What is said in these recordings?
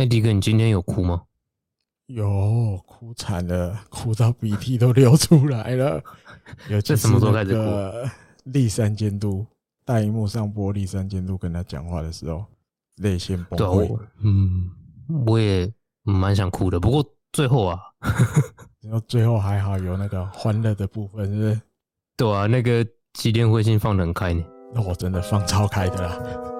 那、欸、迪哥，你今天有哭嗎？有，哭慘了，哭到鼻涕都流出來了。有在 什麼時候在這哭？栗山監督大熒幕上播栗山監督跟他講話的時候，淚腺崩潰、啊。嗯，我也蠻想哭的，不過最後啊，然 後最後還好有那個歡樂的部分，是不是？對啊，那個紀念會先放的很開你。那我、哦、真的放超開的啦。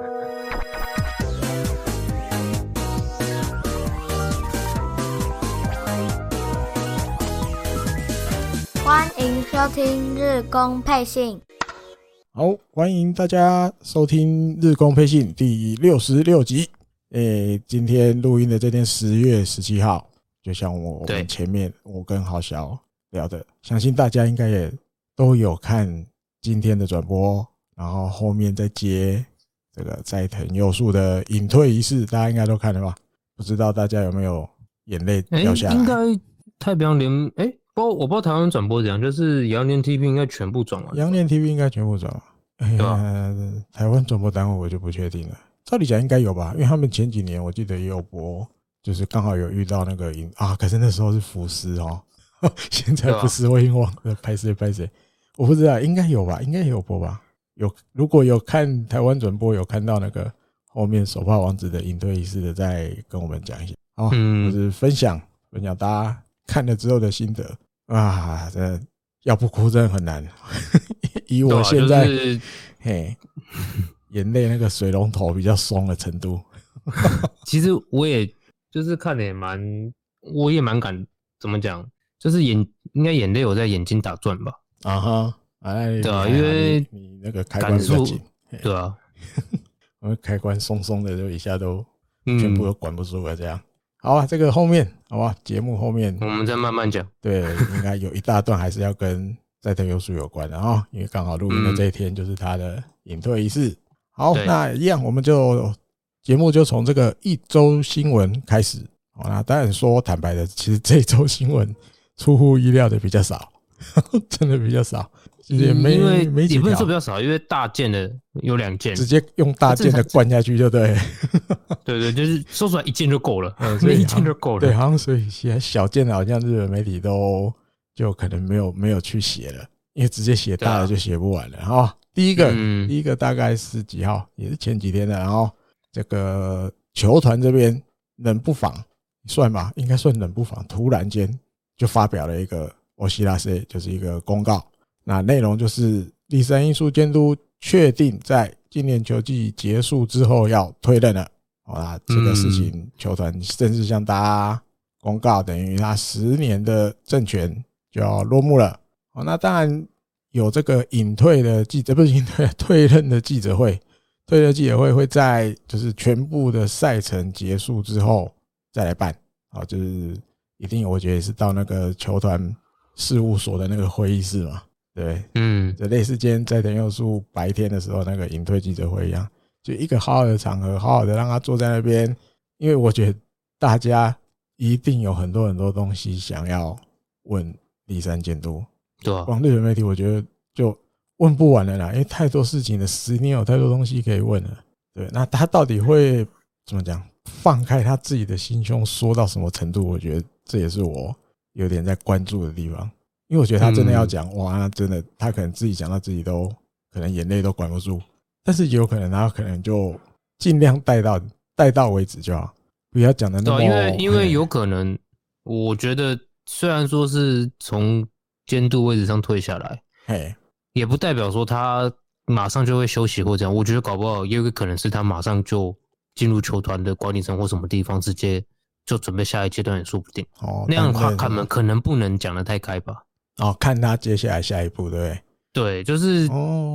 歡迎收聽日工配信。好，歡迎大家收聽日工配信第六十六集。誒，今天錄音的這天十月十七號，就像我，我們前面我跟郝小聊的，相信大家應該也都有看今天的轉播，然後後面再接這個齋藤佑樹的引退儀式，大家應該都看了吧？不知道大家有沒有眼淚掉下來、欸。應該太平洋聯，誒、欸。哦、我不知道台灣轉播怎樣，就是洋聯 TV 應該全部轉了，洋聯 TV 應該全部轉了，哎呀，嗎台灣轉播單位我就不確定了。照理講應該有吧，因為他們前幾年我記得也有播，就是剛好有遇到那個影啊，可是那時候是福斯哦，現在不是微影網拍誰拍誰，我不知道應該有吧，應該也有播吧。有，如果有看台灣轉播有看到那個後面手帕王子的引退儀式的，再跟我們講一下，啊，嗯、就是分享分享大家看了之後的心得。啊，這要不哭真的很難。以我現在，啊就是、嘿，眼淚那個水龍頭比較鬆的程度。 其實我也就是看你蠻，我也蠻敢，怎麼講？就是眼應該眼淚我在眼睛打轉吧。啊哈、uh，哎、huh，對啊，因為你，你那個開關鬆緊，對啊，開關鬆鬆的就一下都全部都管不住了，這樣。嗯好啊，這個後面，好吧，節目後面，我們再慢慢講。 對，應該有一大段還是要跟齋藤佑樹有關的啊、喔，因為剛好錄音的這一天就是他的隱退儀式。嗯、好，對那一樣，我們就節目就從這個一周新聞開始。好，那當然說坦白的，其實這周新聞出乎意料的比較少，真的比較少。也沒因為也不是說比較少，因為大件的有兩件，直接用大件的灌下去就對場，對對？對對，就是說出來一件就夠了，嗯，所以一件就夠了。對,對，好像所以寫小件的，好像日本媒體都就可能沒有沒有去寫了，因為直接寫大了就寫不完了對啊。第一個，嗯，第一個大概是幾號，也是前幾天的，然後這個球團這邊冷不防算吧，應該算冷不防，突然間就發表了一個我西拉斯，就是一個公告。那內容就是，第三栗山監督確定在今年球季結束之後要退任了，好啦，這個事情球團正式向大家公告，等於他十年的政權就要落幕了。好，那當然有這個引退的記者，不是引退退任的記者會，退任記者會會在就是全部的賽程結束之後再來辦，好就是一定我覺得是到那個球團事務所的那個會議室嘛。對，嗯，就類似齋藤佑樹白天的時候那個引退記者會一樣，就一個好好的場合，好好的讓他坐在那邊，因為我覺得大家一定有很多很多東西想要問栗山監督。對，往日本媒體，我覺得就問不完了啦，因為太多事情了，十年有太多東西可以問了。對，那他到底會怎麼講？放開他自己的心胸，說到什麼程度？我覺得這也是我有點在關注的地方。因為我覺得他真的要講、嗯、哇，那真的他可能自己講到自己都可能眼淚都管不住，但是有可能他可能就盡量帶到帶到為止就好，不要講的那麼。因為嘿 因為有可能，我覺得雖然說是從監督位置上退下來，嘿，也不代表說他馬上就會休息或怎樣。我覺得搞不好也有個可能是他馬上就進入球團的管理層或什麼地方，直接就準備下一階段也說不定。哦，那樣的話，可能可能不能講的太開吧。哦，看他接下來下一步，對不對？對，就是，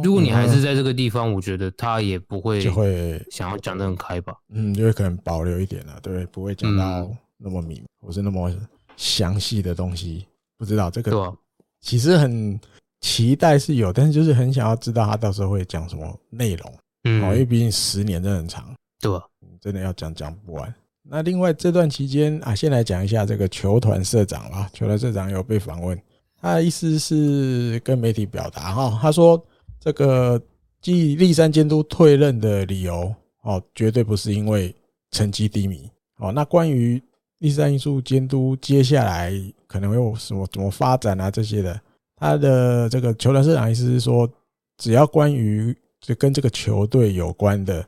如果你還是在這個地方，哦嗯啊、我覺得他也不會，就會想要講得很開吧，嗯，就會可能保留一點了，對不對？不會講到那麼明，或、嗯、是那麼詳細的東西。不知道這個，其實很期待是有，但是就是很想要知道他到時候會講什麼內容。嗯、哦，因為畢竟十年真的很長，對、嗯，真的要講講不完。嗯、那另外這段期間啊，先來講一下這個球團社長啊，球團社長有被訪問。他的意思是跟媒體表達哈，他說這個繼栗山監督退任的理由哦，絕對不是因為成績低迷哦。那關於栗山英樹監督接下來可能會有什麼怎麼發展啊這些的，他的這個球團社長意思是說，只要關於就跟這個球隊有關的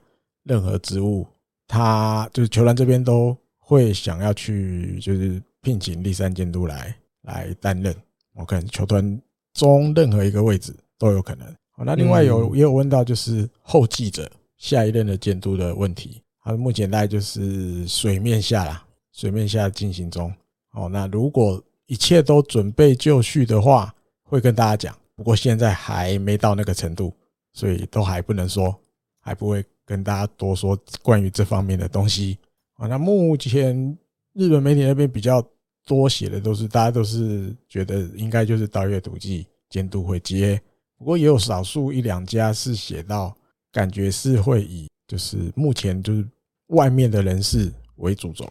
任何職務，他就是球團這邊都會想要去就是聘請栗山監督來來擔任。我看球團中任何一個位置都有可能。好，那另外有也有問到，就是後繼者下一任的監督的問題。啊，目前大概就是水面下啦，水面下進行中。哦，那如果一切都準備就緒的話，會跟大家講。不過現在還沒到那個程度，所以都還不能說，還不會跟大家多說關於這方面的東西。啊，那目前日本媒體那邊比較。多寫的都是大家都是覺得應該就是稻葉篤紀監督會接，不過也有少數一兩家是寫到感覺是會以就是目前就是外面的人士為主軸，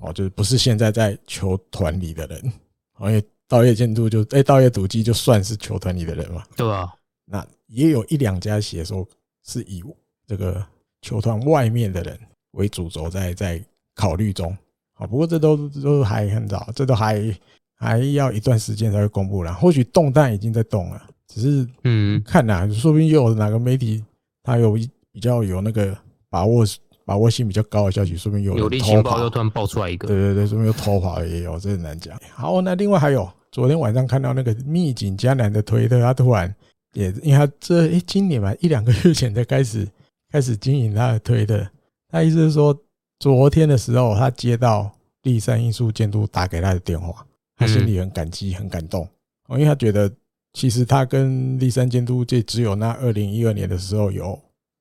哦，就是不是現在在球團裡的人，哦，好像稻葉監督就誒稻葉篤紀就算是球團裡的人嘛，對啊，那也有一兩家寫說是以這個球團外面的人為主軸在在考慮中。好，不過這都都還很早，這都還還要一段時間才會公布啦。或許動彈已經在動了，只是嗯，看啦，說不定又有哪個媒體他有比較有那個把握把握性比較高的消息，說不定又有人偷跑，又突然爆出來一個。對對對，說不定又偷跑也有，這很難講。好，那另外還有昨天晚上看到那個秘警江南的推特，他突然也因為他這哎，今年嘛一兩個月前才開始開始經營他的推特，他意思是說。昨天的時候，他接到栗山英樹監督打給他的電話，他心裡很感激，很感動。因為他覺得其實他跟栗山監督就只有那二零一二年的時候有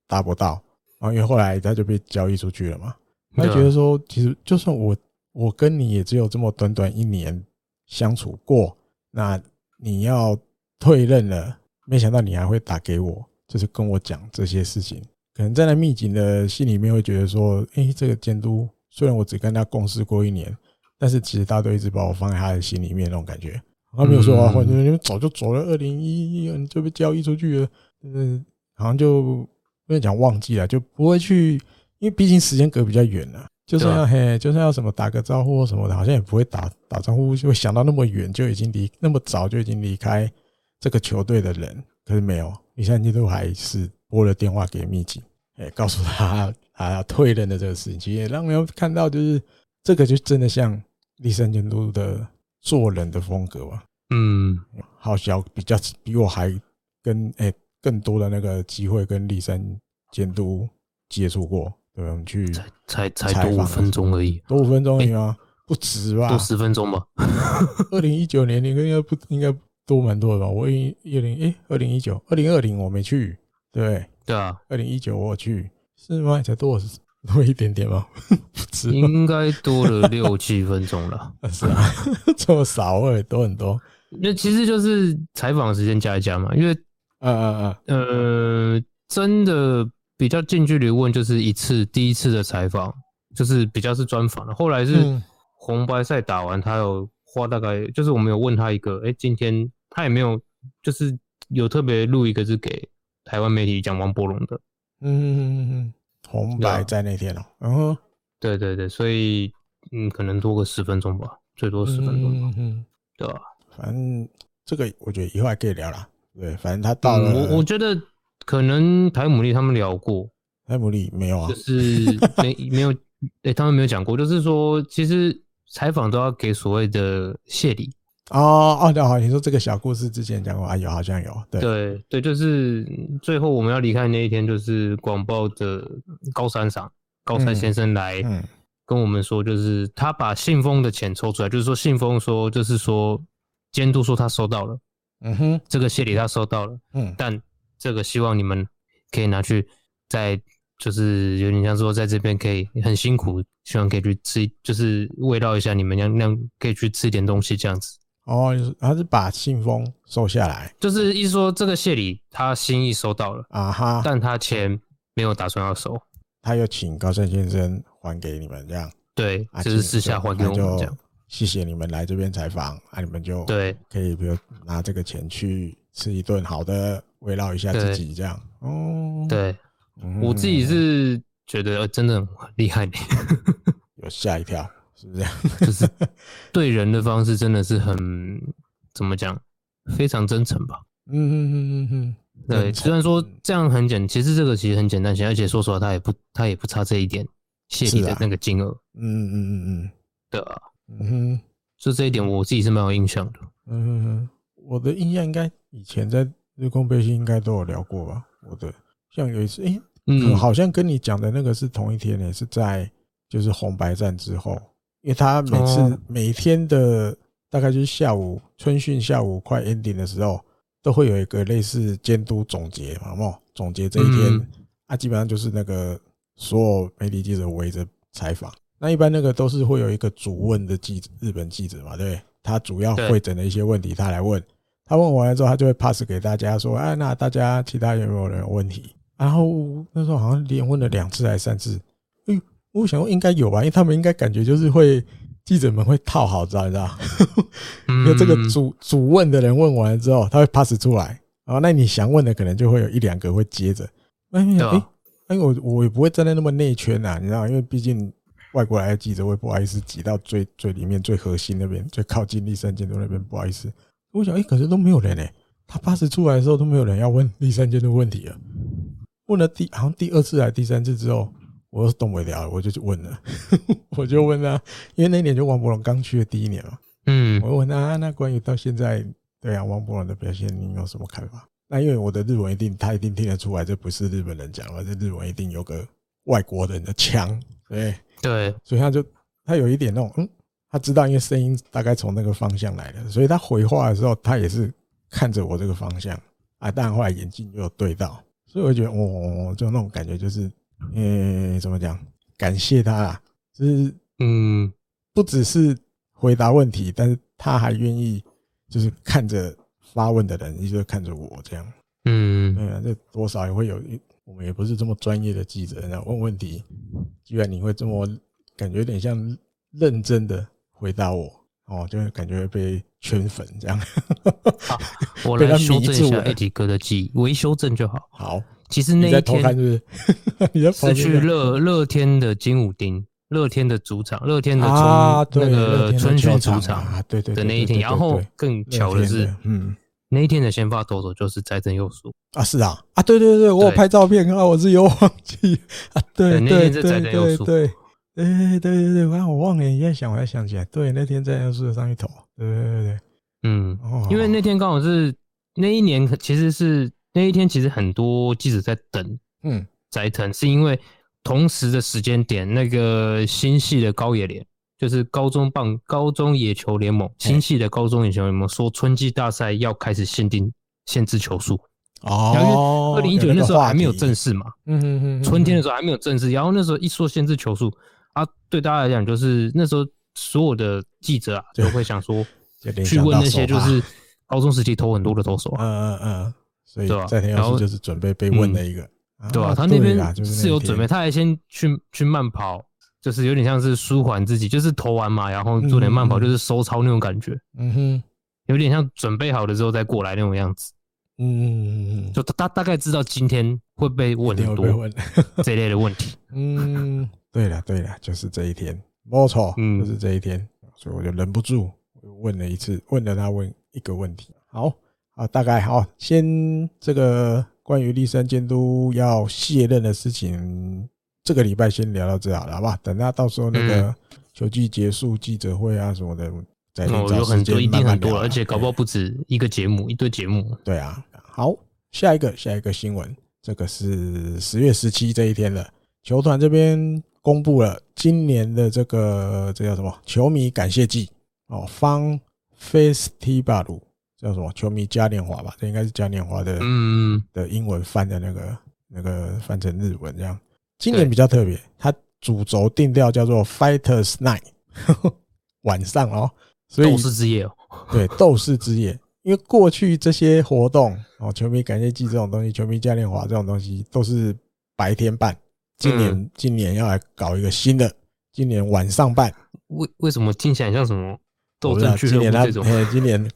達不到，然後因為後來他就被交易出去了嘛。他覺得說，其實就算我我跟你也只有這麼短短一年相處過，那你要退任了，沒想到你還會打給我，就是跟我講這些事情。可能站在那秘警的心裡面，會覺得說：“誒，這個監督雖然我只跟他共事過一年，但是其實大家都一直把我放在他的心裡面那種感覺。他沒有說啊，你們早就走了，二零一一就被交易出去了，嗯，好像就沒有講忘記了，就不會去，因為畢竟時間隔比較遠了，就算要嘿，就算要什麼打個招呼什麼的，好像也不會打打招呼，就會想到那麼遠，就已經離那麼早就已經離開這個球隊的人。”可是沒有，栗山監督還是撥了電話給秘籍，哎、欸，告訴他他退任的這個事情，其實也讓人看到就是這個就真的像栗山監督的做人的風格吧。嗯，好小，比較比我還跟哎、欸、更多的那個機會跟栗山監督接觸過，對吧？我們去、啊、才才才多五分鐘而已、啊，多五分鐘而已嗎？欸、不止吧，多十分鐘吧。二零一九年，你應該不應該？多蠻多的吧？我一、一、欸、零、哎，二零一九、二零二零我沒去，對，對啊，二零一九我有去，是嗎？才多多一點點吧。 不知嗎應該多了六七分鐘了， 是啊，這麼少也多很多。那其實就是採訪時間加一加嘛，因為呃呃、啊啊啊啊、呃，真的比較近距離問，就是一次第一次的採訪，就是比較是專訪了。後來是紅白賽打完，他有花大概，嗯、就是我們有問他一個，哎、欸，今天。他也沒有，就是有特別錄一個是給台灣媒體講王柏融的。嗯哼哼，紅白在那天哦。然後，對對對，所以嗯，可能多個十分鐘吧，最多十分鐘嗯，對吧？反正這個我覺得以後還可以聊啦。對，反正他到了、那個嗯，我我覺得可能台母麗他們聊過，台母麗沒有啊，就是沒沒有，哎、 欸，他們沒有講過，就是說其實採訪都要給所謂的謝禮。哦哦，那、哦、好、哦，你說這個小故事之前講過啊？有，好像有。對對對，就是最後我們要離開的那一天，就是廣報的高山桑高山先生來跟我們說，就是他把信封的錢抽出來，就是說信封說，就是說監督說他收到了，嗯哼，這個謝禮他收到了，嗯，但這個希望你們可以拿去在，就是有點像說在這邊可以很辛苦，希望可以去吃，就是慰勞一下你們，讓讓可以去吃點東西這樣子。哦，他是把信封收下來，就是意思說這個謝禮，他心意收到了啊哈，但他錢沒有打算要收，他又請高山先生還給你們這樣，對，就、啊、是私下還給你們這樣，就謝謝你們來這邊採訪，啊，你們就對，可以比如拿這個錢去吃一頓好的，慰勞一下自己這樣，哦，對、嗯、對我自己是覺得、欸、真的很厲害， 有嚇一跳。是不是這樣？ 就是對人的方式真的是很怎麼講？非常真誠吧。嗯嗯嗯嗯嗯。對，誠雖然說這樣很簡，嗯、其實這個其實很簡單，而且說實話，他也不他也不差這一點謝禮的那個金額、啊。嗯嗯嗯嗯嗯。對啊。嗯哼，就這一點，我自己是蠻有印象的。嗯哼，哼，我的印象應該以前在日空背心應該都有聊過吧？我的像有一次，欸、嗯，嗯，好像跟你講的那個是同一天、欸，也是在就是紅白戰之後。因為他每次每天的大概就是下午春訓下午快 ending 的時候，都會有一個類似監督總結，好不好？總結這一天啊，基本上就是那個所有媒體記者圍着採訪。那一般那個都是會有一個主問的記者，日本記者嘛，對？他主要會診的一些問題，他來問。他問完了之後，他就會 pass 給大家說：“啊，那大家其他有沒有人有問題？”然後那時候好像連問了兩次還是三次。我想應該有吧，因為他們應該感覺就是會記者們會套好，知道，你知道？嗯、 因為這個主主問的人問完了之後，他會 pass 出來，然後那你想問的可能就會有一兩個會接着。那、欸、哎，因、欸、為、欸、我我也不會站在那麼內圈吶、啊，你知道嗎？因為畢竟外國來的記者會不好意思擠到最最裡面、最核心那邊、最靠近栗山監督那邊。不好意思，我想哎、欸，可是都沒有人哎、欸，他 pass 出來的時候都沒有人要問栗山監督問題了。問了第好像第二次還是第三次之後。我是動不了，我就去問了，我就問他、 啊，因為那年就王柏融剛去的第一年嘛，嗯，我問他、啊，那關於到現在，對啊，王柏融的表現，你有什麼看法？那因為我的日文一定，他一定聽得出來，這不是日本人講的，這日文一定有個外國人的腔，對，對，所以他就他有一點那種，嗯，他知道，因為聲音大概從那個方向來的，所以他回話的時候，他也是看着我這個方向啊，但，後來眼睛又對到，所以我就覺得，哦，就那種感覺就是。嗯、欸，怎麼講？感謝他，啦，就是嗯，不只是回答問題，嗯、但是他還願意，就是看着發問的人，一、就、直、是、看着我這樣。嗯，對啊，這多少也會有一，我們也不是這麼專業的記者，然後問問題，居然你會這麼感覺，有點像認真的回答我哦、喔，就感覺會被圈粉這樣。好 我來修正一下艾迪哥的記憶，維修正就好。好。其實那一天是去樂樂天的金武町，樂天的主場，樂天的村那個春訓主場對對對的那一天。然後更巧的是，的嗯，那一天的先發投手就是齋藤佑樹啊，是啊啊，對對對，我有拍照片，啊，我是又忘記啊，對對對對對，哎對對對，我看我忘了，你下想，我才想起來，對，那天齋藤佑樹上一投，對對對對，嗯，因為那天剛好是那一年其實是。那一天其實很多記者在等，嗯，齋藤是因為同時的時間點，那個新潟的高野聯，就是高中棒、高中野球聯盟，新潟的高中野球聯盟說春季大賽要開始限定限制球數哦。二零一九年那時候還沒有正式嘛，嗯哼哼，哼，哼。春天的時候還沒有正式，然後那時候一說限制球數、嗯、啊，對大家來講就是那時候所有的記者啊，就對會想說去問那些就是高中時期投很多的投手，啊手 嗯，嗯嗯嗯。所以，然後就是準備被問的一個、啊，對啊、嗯、啊，對啊，他那邊是有準備，他還先去去慢跑，就是有點像是舒緩自己，就是投完嘛，然後做點慢跑，就是收操那種感覺。嗯哼，嗯嗯嗯嗯嗯嗯嗯，有點像準備好了之後再過來那種樣子。嗯嗯嗯嗯，嗯嗯就大大概知道今天會被問很多這類的問題。嗯， 對了對了，就是這一天，沒錯、嗯，就是這一天，所以我就忍不住，問了一次，問了他問一個問題，好。啊，大概啊、哦，先這個關於栗山監督要卸任的事情，這個禮拜先聊到這好了，好吧？等他到時候那個球季結束記者會啊什麼的，嗯、再去找時間慢慢聊、哦、有很多，一定很多了，而且搞不好不止一個節目，一堆節目對。對啊，好，下一個，下一個新聞，這個是十月十七這一天了，球團這邊公布了今年的這個這叫什麼？球迷感謝祭哦，ファンフェスティバル。叫什麼球迷嘉年華吧，這應該是嘉年華的，嗯的英文翻的那個那個翻成日文這樣。今年比較特別，它對主軸定調叫做 Fighters Night，呵呵晚上哦，所以、鬥士之夜哦。對，鬥士之夜。因為過去這些活動哦，球迷感謝祭這種東西，球迷嘉年華這種東西都是白天辦，今年、嗯、今年要來搞一個新的，今年晚上辦。為為什麼聽起來像什麼？我不知道今，今年他今年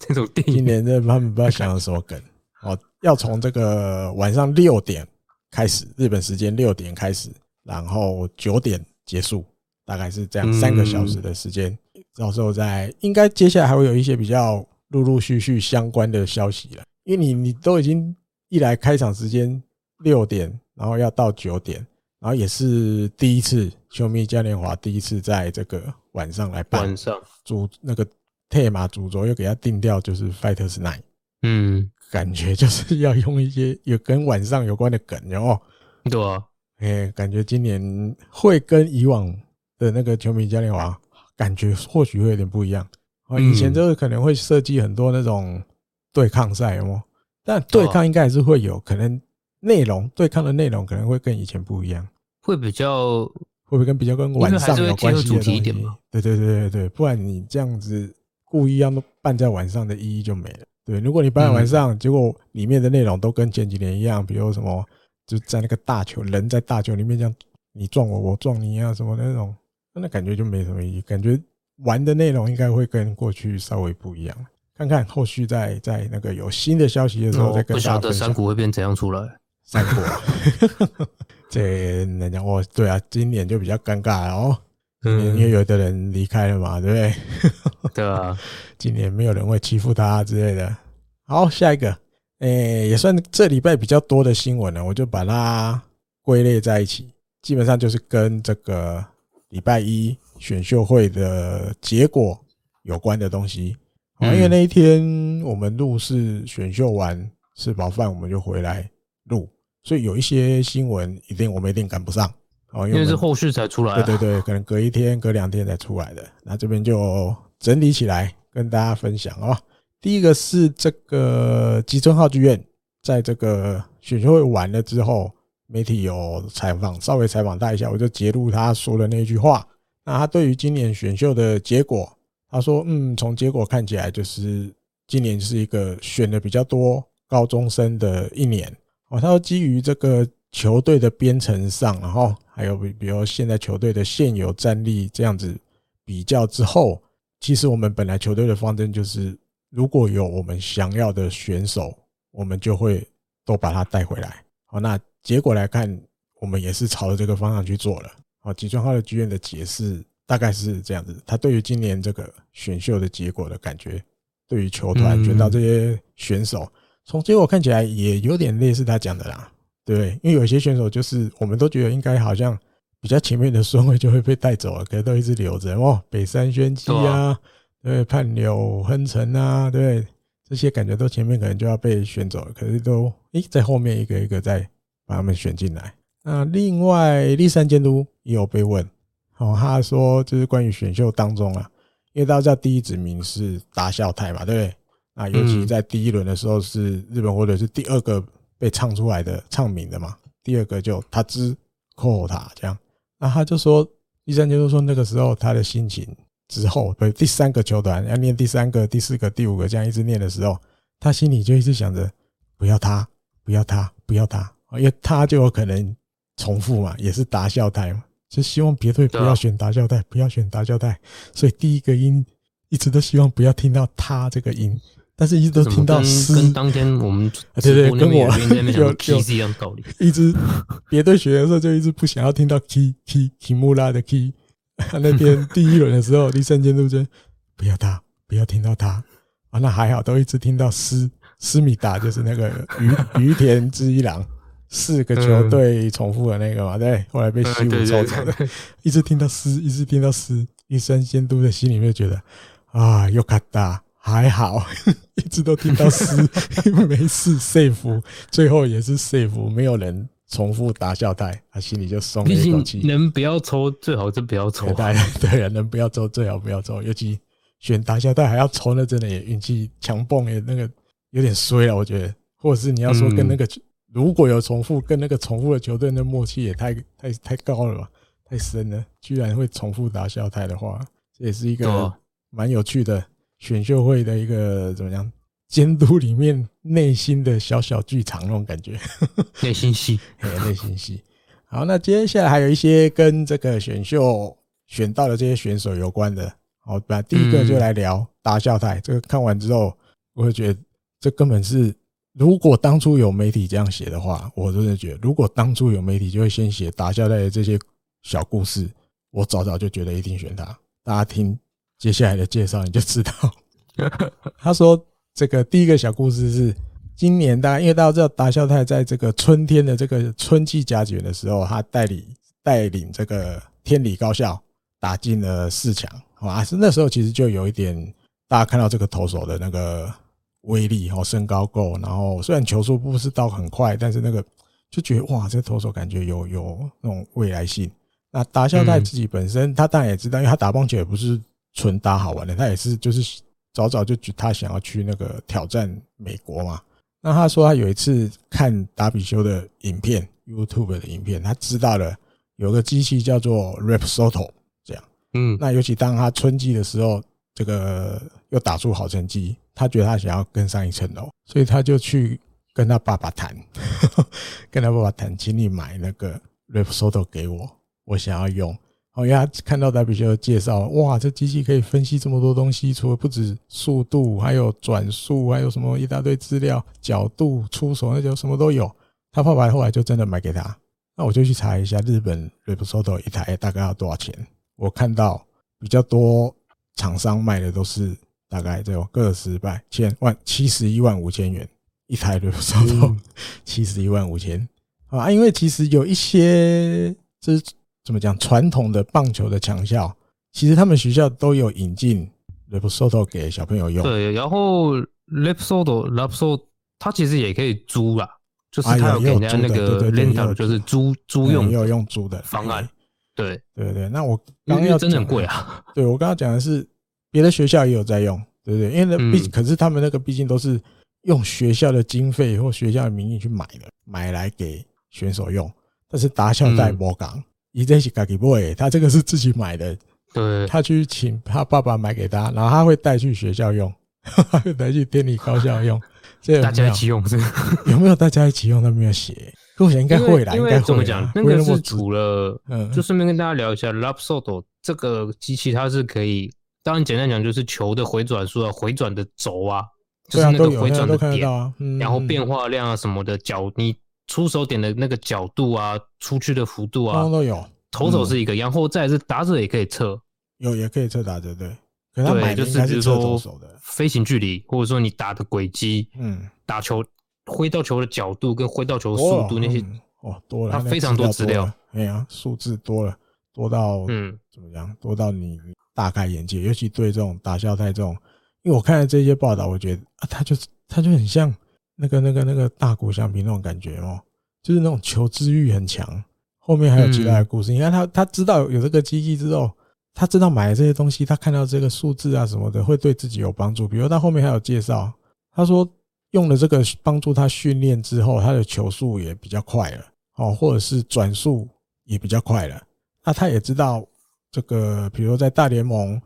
今年這他們不知道想什麼梗 Okay. 哦，要從這個晚上六點開始，日本時間六點開始，然後九點結束，大概是這樣三個小時的時間。嗯、到時候在應該接下來還會有一些比較陸陸續續相關的消息了，因為你你都已經一來開場時間六點，然後要到九點，然後也是第一次球迷嘉年華，第一次在這個晚上來辦，晚上主那個。特馬主軸又給他定掉，就是 Fighters Night，嗯，感覺就是要用一些有跟晚上有關的梗，然後對，哎，感覺今年會跟以往的那個球迷嘉年華感覺或許會有點不一樣啊。以前就是可能會設計很多那種對抗賽哦，但對抗應該還是會有，可能內容對抗的內容可能會跟以前不一樣，會比較會不會跟比較跟晚上有關係一點嗎？對對對對對，對，不然你這樣子。故意讓都辦在晚上的意義就沒了。對，如果你辦在晚上，結果裡面的內容都跟前幾年一樣，比如什麼就在那個大球，人在大球裡面這樣你撞我，我撞你啊什麼那種，那感覺就沒什麼意義。感覺玩的內容應該會跟過去稍微不一樣。看看後續在在那個有新的消息的時候再跟大、嗯、我不曉得山谷會變怎樣出來。山谷，這人家哦，對啊，今年就比較尷尬哦。嗯，因為有的人離開了嘛，對不對？嗯、對啊， 今年沒有人會欺負他之類的。好，下一個、欸，誒，也算這禮拜比較多的新聞了、啊，我就把它歸類在一起。基本上就是跟這個禮拜一選秀會的結果有關的東西、啊。因為那一天我們錄是選秀完吃飽飯我們就回來錄，所以有一些新聞一定我們一定趕不上。哦，因為是後續才出來，對對對，可能隔一天、隔兩天才出來的。那這邊就整理起來跟大家分享哦。第一個是這個吉村浩劇院，在這個選秀會完了之後，媒體有採訪，稍微採訪大一下，我就截錄他說的那句話。那他對於今年選秀的結果，他說：“嗯，從結果看起來，就是今年是一個選的比較多高中生的一年。”哦，他說基於這個球隊的編成上，然後。還有，比比如現在球隊的現有戰力這樣子比較之後，其實我們本來球隊的方針就是，如果有我們想要的選手，我們就會都把他帶回來。好，那結果來看，我們也是朝着這個方向去做了。好，吉川浩的 GM 的解釋大概是這樣子，他對於今年這個選秀的結果的感覺，對於球團，選到這些選手，從結果看起來也有點類似他講的啦。對，因為有些選手就是，我們都覺得應該好像比較前面的順位，就會被帶走啊，可是都一直留着。哦，北山亘基啊，對，畔柳亨丞啊，對，這些感覺都前面可能就要被選走了，可是都誒在後面一個一個再把他們選進來。那另外栗山監督也有被問，哦，他說就是關於選秀當中啊，因為大家知道第一指名是達孝太嘛，對不對？啊，尤其在第一輪的時候是日本或者是第二個。被唱出來的唱名的嘛，第二個就他之 call 他這樣，那他就說，第三就是說那個時候他的心情之後，對，第三個球團要念第三個、第四個、第五個這樣一直念的時候，他心裡就一直想着不要他，不要他，不要他，因為他就有可能重複嘛，也是達孝太嘛，就希望別隊不要選達孝太，不要選達孝太，所以第一個音一直都希望不要聽到他這個音。但是一直都聽到斯。跟當天我們、啊、對對跟我有類似一樣的道理，一直別隊學員的時候，就一直不想要聽到 key k 木拉的 k 那邊第一輪的時候，栗山監督就不要他，不要聽到他，啊那還好，都一直聽到斯斯米達，就是那個隅隅 田知一郎，四個球隊重複的那個嘛， 對，後來被西武抽走了。一直聽到斯，一直聽到斯，栗山監督的心裡面覺得啊又卡大。よかった還好，一直都聽到 s 因為 沒事，“safe”，最後也是 “safe”，沒有人重複打達孝太，他心裡就鬆了一口氣。能不要抽最好就不要抽對。對啊，能不要抽最好不要抽，尤其選打達孝太還要抽，那真的也運氣強蹦，也那個有點衰了。我覺得，或者是你要說跟那個、嗯、如果有重複，跟那個重複的球隊那默契也太太太高了吧，太深了，居然會重複打達孝太的話，這也是一個蠻、哦、有趣的。選秀會的一個怎麼樣？監督裡面內心的小小劇場那種感覺內心戲， 內心戲，哎，內心戲。好，那接下來還有一些跟這個選秀選到的這些選手有關的。好，把第一個就來聊達孝太。嗯、這個看完之後，我會覺得這根本是，如果當初有媒體這樣寫的話，我真的覺得，如果當初有媒體就會先寫達孝太的這些小故事，我早早就覺得一定選他。大家聽。接下來的介紹你就知道。 他說：“這個第一個小故事是，今年大家因為大家知道達孝太在這個春天的這個春季甲子園的時候，他帶領帶領這個天理高校打進了四強。好吧，是那時候其實就有一點大家看到這個投手的那個威力哦，身高夠，然後雖然球速不是到很快，但是那個就覺得哇，這個投手感覺有有那種未來性。那達孝太自己本身他當然也知道，因為他打棒球也不是。”純搭好玩的，他也是，就是早早就覺得他想要去那個挑戰美國嘛。那他說他有一次看達比修的影片，YouTube 的影片，他知道了有個機器叫做 Rapsodo，這樣，嗯。那尤其當他春季的時候，這個又打出好成績，他覺得他想要更上一層樓，所以他就去跟他爸爸談，呵呵，跟他爸爸談，請你買那個 Rapsodo 給我，我想要用。好呀，看到 W 介紹，哇，這機器可以分析這麼多東西，除了不止速度，還有轉速，還有什麼一大堆資料，角度、出手那就什麼都有。他爸爸後來就真的買給他，那我就去查一下日本 Rapsodo 一台大概要多少錢。我看到比較多廠商賣的都是大概在個十百千萬、七十一萬五千元一台 Rapsodo，七十一萬五千啊，因為其實有一些這。怎麼講？傳統的棒球的強校，其實他們學校都有引進 Rapsodo 給小朋友用。對，然後 Rapsodo 他其實也可以租啦，就是他有給人家那個 rental 就是租租用，哎，也有用租的對對對，租租租用方案。對對對，那我剛剛要因為真的貴啊。對我剛剛講的是，別的學校也有在用，對不對，對？因為畢、嗯、可是他們那個畢竟都是用學校的經費或學校的名義去買的，買來給選手用，但是達校代波岡。嗯伊這是科技 boy，他這個是自己買的，對，他去請他爸爸買給他，然後他會帶去學校用，他會帶去店裡高校用，有有大家一起用， 有沒有大家一起用？他沒有寫，我想應該會啦，因為應會怎麼講，那個是除了，嗯，就順便跟大家聊一下 Rapsodo 這個機器，它是可以，當然簡單講就是球的回轉數啊，回轉的軸啊，對啊，就是那個回轉的點，那個啊嗯、然後變化量啊什麼的，角你。出手點的那個角度啊，出去的幅度啊，通通都有。投手是一個，嗯、然後再是打者也可以測，有也可以測打者對。可他對，就是比如說飛行距離，或者說你打的軌跡，嗯，打球揮到球的角度跟揮到球的速度，哦、那些哦、嗯，哦，多了，他非常多資料。哎呀，數、啊、字多了，多到嗯怎麼樣？多到你大開眼界，尤其對這種打教太重。因為我看了這些報道，我覺得啊，他就他就很像。那個、那個、那個大谷翔平那種感覺哦，就是那種求知欲很強。後面還有其他的故事。你看他，他知道有這個機器之後，他知道買了這些東西，他看到這個數字啊什麼的，會對自己有幫助。比如他後面還有介紹，他說用了這個幫助他訓練之後，他的球速也比較快了哦，或者是轉速也比較快了。那他也知道這個，比如說在大聯盟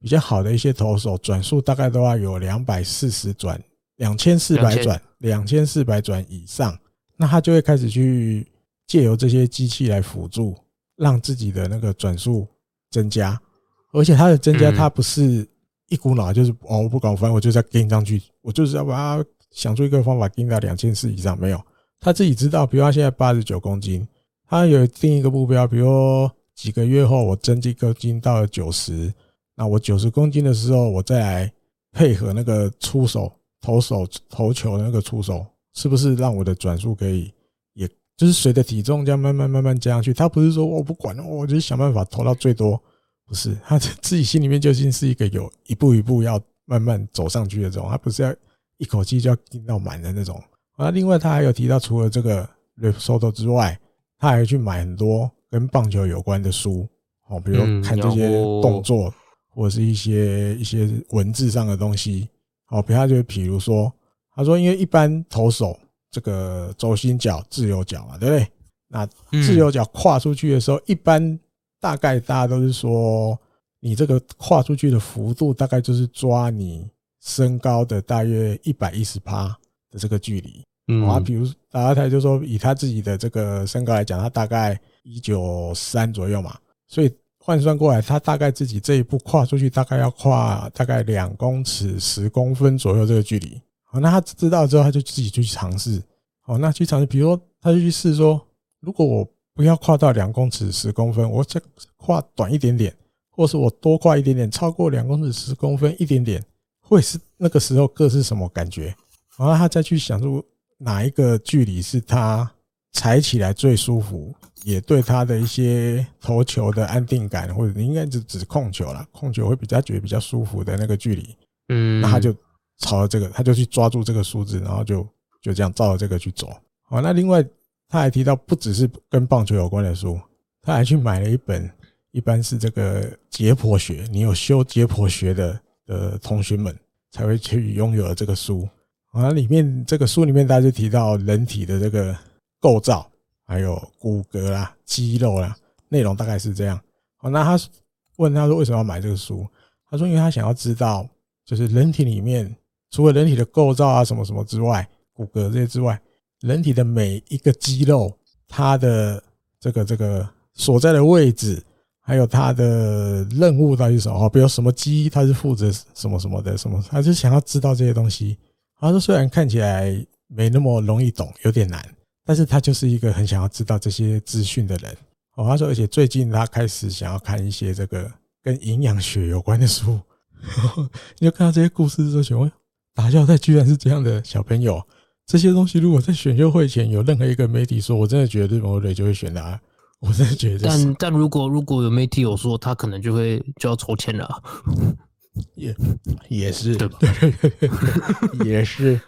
比較好的一些投手，轉速大概都要有兩百四十轉，兩千四百轉。兩千四百轉以上，那他就會開始去借由這些機器來輔助，讓自己的那個轉速增加，而且它的增加，它不是一股腦就是哦，我不搞分，我就再給你上去，我就是要把他想出一個方法，給你到兩千四以上沒有，他自己知道，比如他現在八十九公斤，他有定一個目標，比如幾個月後我增這個斤到了九十，那我九十公斤的時候，我再來配合那個出手。投手投球的那個出手，是不是讓我的轉速可以，也就是隨着體重這樣慢慢慢慢加上去？他不是說我、哦、不管，我、哦、就是、想辦法投到最多，不是他自己心裡面究竟是一個有一步一步要慢慢走上去的這種，他不是要一口氣就要進到滿的那種。啊，另外他還有提到，除了這個 Rapsodo 之外，他還去買很多跟棒球有關的書，哦，比如看這些動作，或者是一些一些文字上的東西。好、哦，比他就比如說，他說，因為一般投手這個軸心腳自由腳嘛，對不對？那自由腳跨出去的時候，一般大概大家都是說，你這個跨出去的幅度大概就是抓你身高的大約一百一十趴的這個距離。好啊，比如打拉泰就說，以他自己的這個身高來講，他大概一九三左右嘛，所以。換算過來，他大概自己這一步跨出去，大概要跨大概兩公尺十公分左右這個距離。好，那他知道之後，他就自己去嘗試。好，那去嘗試，比如說，他就去試說，如果我不要跨到兩公尺十公分，我再跨短一點點，或是我多跨一點點，超過兩公尺十公分一點點，會是那個時候各是什麼感覺？然後他再去想出哪一個距離是他踩起來最舒服。也對他的一些投球的安定感，或者你應該是指控球啦，控球會比較覺得比較舒服的那個距離，嗯，那他就朝着這個，他就去抓住這個數字，然後就就這樣照着這個去走。好，那另外他還提到，不只是跟棒球有關的書，他還去買了一本，一般是這個解剖學，你有修解剖學的的同學們才會去擁有這個書。好，那裡面這個書裡面大家就提到人體的這個構造。還有骨骼啦、肌肉啦，內容大概是這樣。好，那他問他說：“為什麼要買這個書？”他說：“因為他想要知道，就是人體裡面，除了人體的構造啊、什麼什麼之外，骨骼這些之外，人體的每一個肌肉，它的這個這個所在的位置，還有它的任務到底是什麼、哦？比如什麼肌，它是負責什麼什麼的什麼？他就想要知道這些東西。他說，雖然看起來沒那麼容易懂，有點難。”但是他就是一個很想要知道這些資訊的人哦、喔，他說，而且最近他開始想要看一些這個跟營養學有關的書。然後你就看到這些故事的時候，想問，達孝太居然是這樣的小朋友，這些東西如果在選秀會前有任何一個媒體說我真的覺得對某隊就會選他，我真的覺得但。但但如果如果有媒體有說他可能就會就要抽籤了、嗯，也也是對吧？對，也是。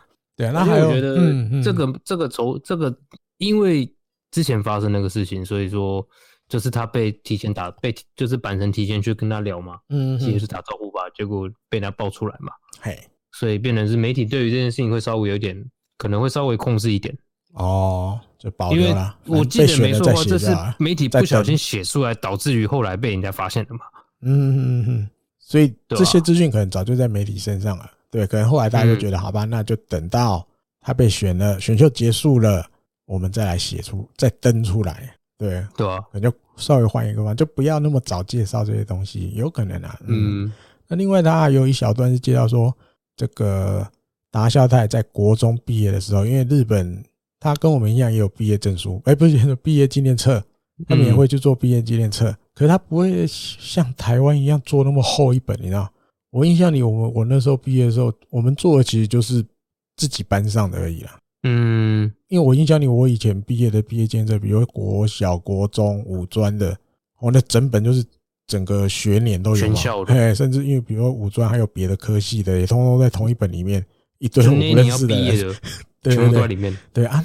對，那還有覺得這個這個從這個，因為之前發生那個事情，所以說就是他被提前打被就是阪神提前去跟他聊嘛，嗯，其實去打招呼吧，結果被他爆出來嘛，嘿，所以變成是媒體對於這件事情會稍微有點，可能會稍微控制一點哦，就因為我記得沒錯，這是媒體不小心寫出來，導致於後來被人家發現的嘛，嗯嗯嗯，所以這些資訊可能早就在媒體身上了。對，可能後來大家就覺得，好吧，嗯、那就等到他被選了，選秀結束了，我們再來寫出，再登出來。對對，可能稍微換一個方，就不要那麼早介紹這些東西，有可能啊。嗯，嗯、那另外他還有一小段是介紹說，這個達孝太在國中畢業的時候，因為日本他跟我們一樣也有畢業證書，誒、欸、不是畢業紀念冊，他們也會去做畢業紀念冊，嗯、可是他不會像台灣一樣做那麼厚一本，你知道？我印象裡，我我那時候畢業的時候，我們做的其實就是自己班上的而已啦。嗯，因為我印象裡，我以前畢業的畢業建設，比如說國小、國中、五專的，我那整本就是整個學年都有嘛。哎，甚至因為比如說五專還有別的科系的，也通通在同一本裡面，一堆不認識的。 對對對，全裡面對啊。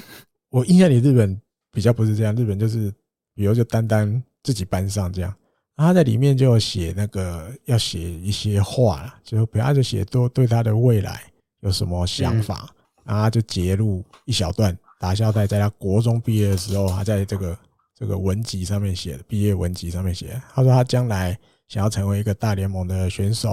我印象裡日本比較不是這樣，日本就是比如就單單自己班上這樣。啊、他在裡面就寫那個要寫一些話啦，就不要就寫多對他的未來有什麼想法，然後他就截錄一小段，打消在在他國中畢業的時候，他在這個這個文集上面寫的畢業文集上面寫，他說他將來想要成為一個大聯盟的選手，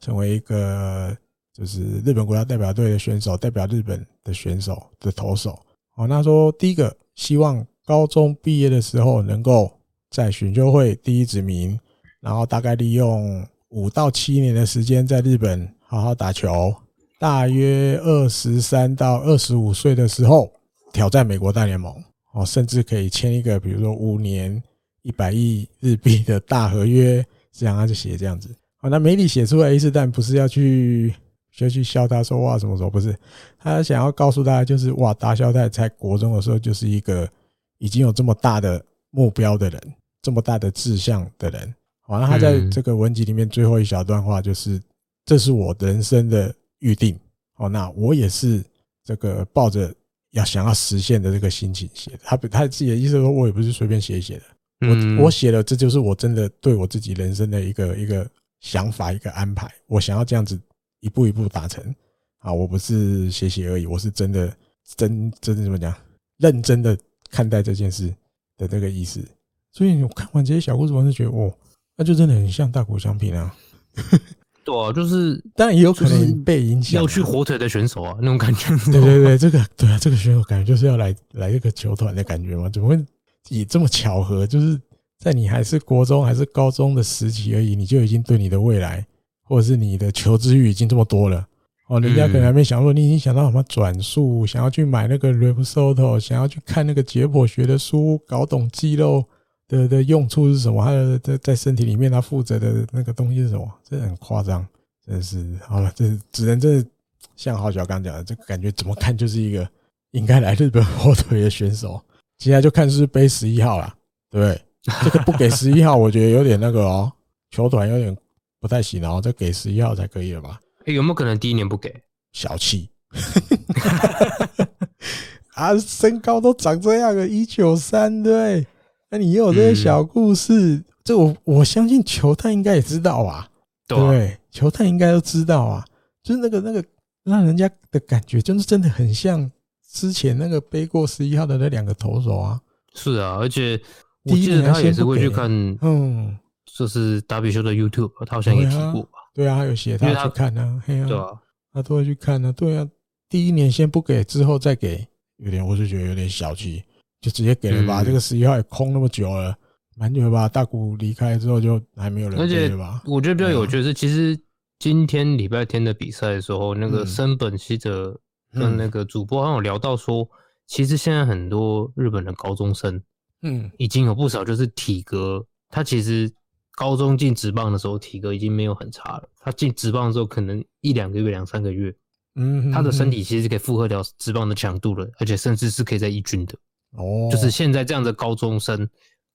成為一個就是日本國家代表隊的選手，代表日本的選手的投手。好，那說第一個希望高中畢業的時候能夠，在選秀會第一指名，然後大概利用五到七年的時間在日本好好打球，大約二十三到二十五歲的時候挑戰美國大聯盟哦，甚至可以簽一個比如說五年一百億日幣的大合約，這樣他就寫這樣子。好，那媒體寫出了一四但不是要去，要去笑他說話什麼時候，不是，他想要告訴大家，就是哇，達肖泰在國中的時候就是一個已經有這麼大的目標的人。這麼大的志向的人、哦，好，那他在這個文集裡面最後一小段話就是：“這是我人生的預定。”哦，那我也是這個抱着要想要實現的這個心情寫的他不。他他自己的意思說，我也不是隨便寫寫的我。嗯、我我寫了，這就是我真的對我自己人生的一個一個想法、一個安排。我想要這樣子一步一步達成啊！我不是寫寫而已，我是真的、真真的怎麼講，認真的看待這件事的那個意思。所以，我看完這些小故事，我就覺得，哦、喔，那、啊、就真的很像大谷翔平啊。對啊，就是，當然也有可能被影響要去火腿的選手啊，那種感覺。 對對對，這個對啊，這個選手感覺就是要來來這個球團的感覺嘛？怎麼會以這麼巧合，就是在你還是國中還是高中的時期而已，你就已經對你的未來或者是你的求知慾已經這麼多了？哦、喔，人家可能還沒想說，你已經想到什麼轉速，想要去買那個 rip soto，想要去看那個解剖學的書，搞懂肌肉，的的用處是什麼？有在在身體裡面，它負責的那個東西是什麼？真的很誇張，真的是，好了，這只能這像郝小剛講的，這個感覺怎麼看就是一個應該來日本火腿的選手。接下來就看是,不是背十一號了，對，這個不給十一號，我覺得有點那個哦、喔，球團有點不太行哦，這給十一號才可以了吧、欸？有沒有可能第一年不給？小氣 啊，身高都長這樣了一九三對？那你也有這些小故事，嗯，這我我相信球探應該也知道對啊，對，球探應該都知道啊。就是那個那個，讓人家的感覺就是真的很像之前那個背過十一號的那兩個投手啊。是啊，而且第一年他也是會去看，嗯，嗯，這是達比修的 YouTube，他好像也提過吧對。啊，對啊，他有寫他要去看啊，對啊，他都會去看啊，對啊，對啊第一年先不給，之後再給，有點我就覺得有點小氣。就直接給了吧，嗯、這個十一號也空那麼久了，蠻久了吧。大谷離開之後就還沒有人給了吧。而且吧，我覺得比較有趣，是其實今天禮拜天的比賽的時候，嗯、那個森本希哲跟那個主播好像有聊到說，嗯、其實現在很多日本的高中生，嗯，已經有不少就是體格，嗯、他其實高中進職棒的時候體格已經沒有很差了。他進職棒的時候可能一兩個月、兩三個月，嗯，嗯，嗯、他的身體其實是可以負荷掉職棒的強度了，而且甚至是可以在一軍的。哦，就是現在這樣的高中生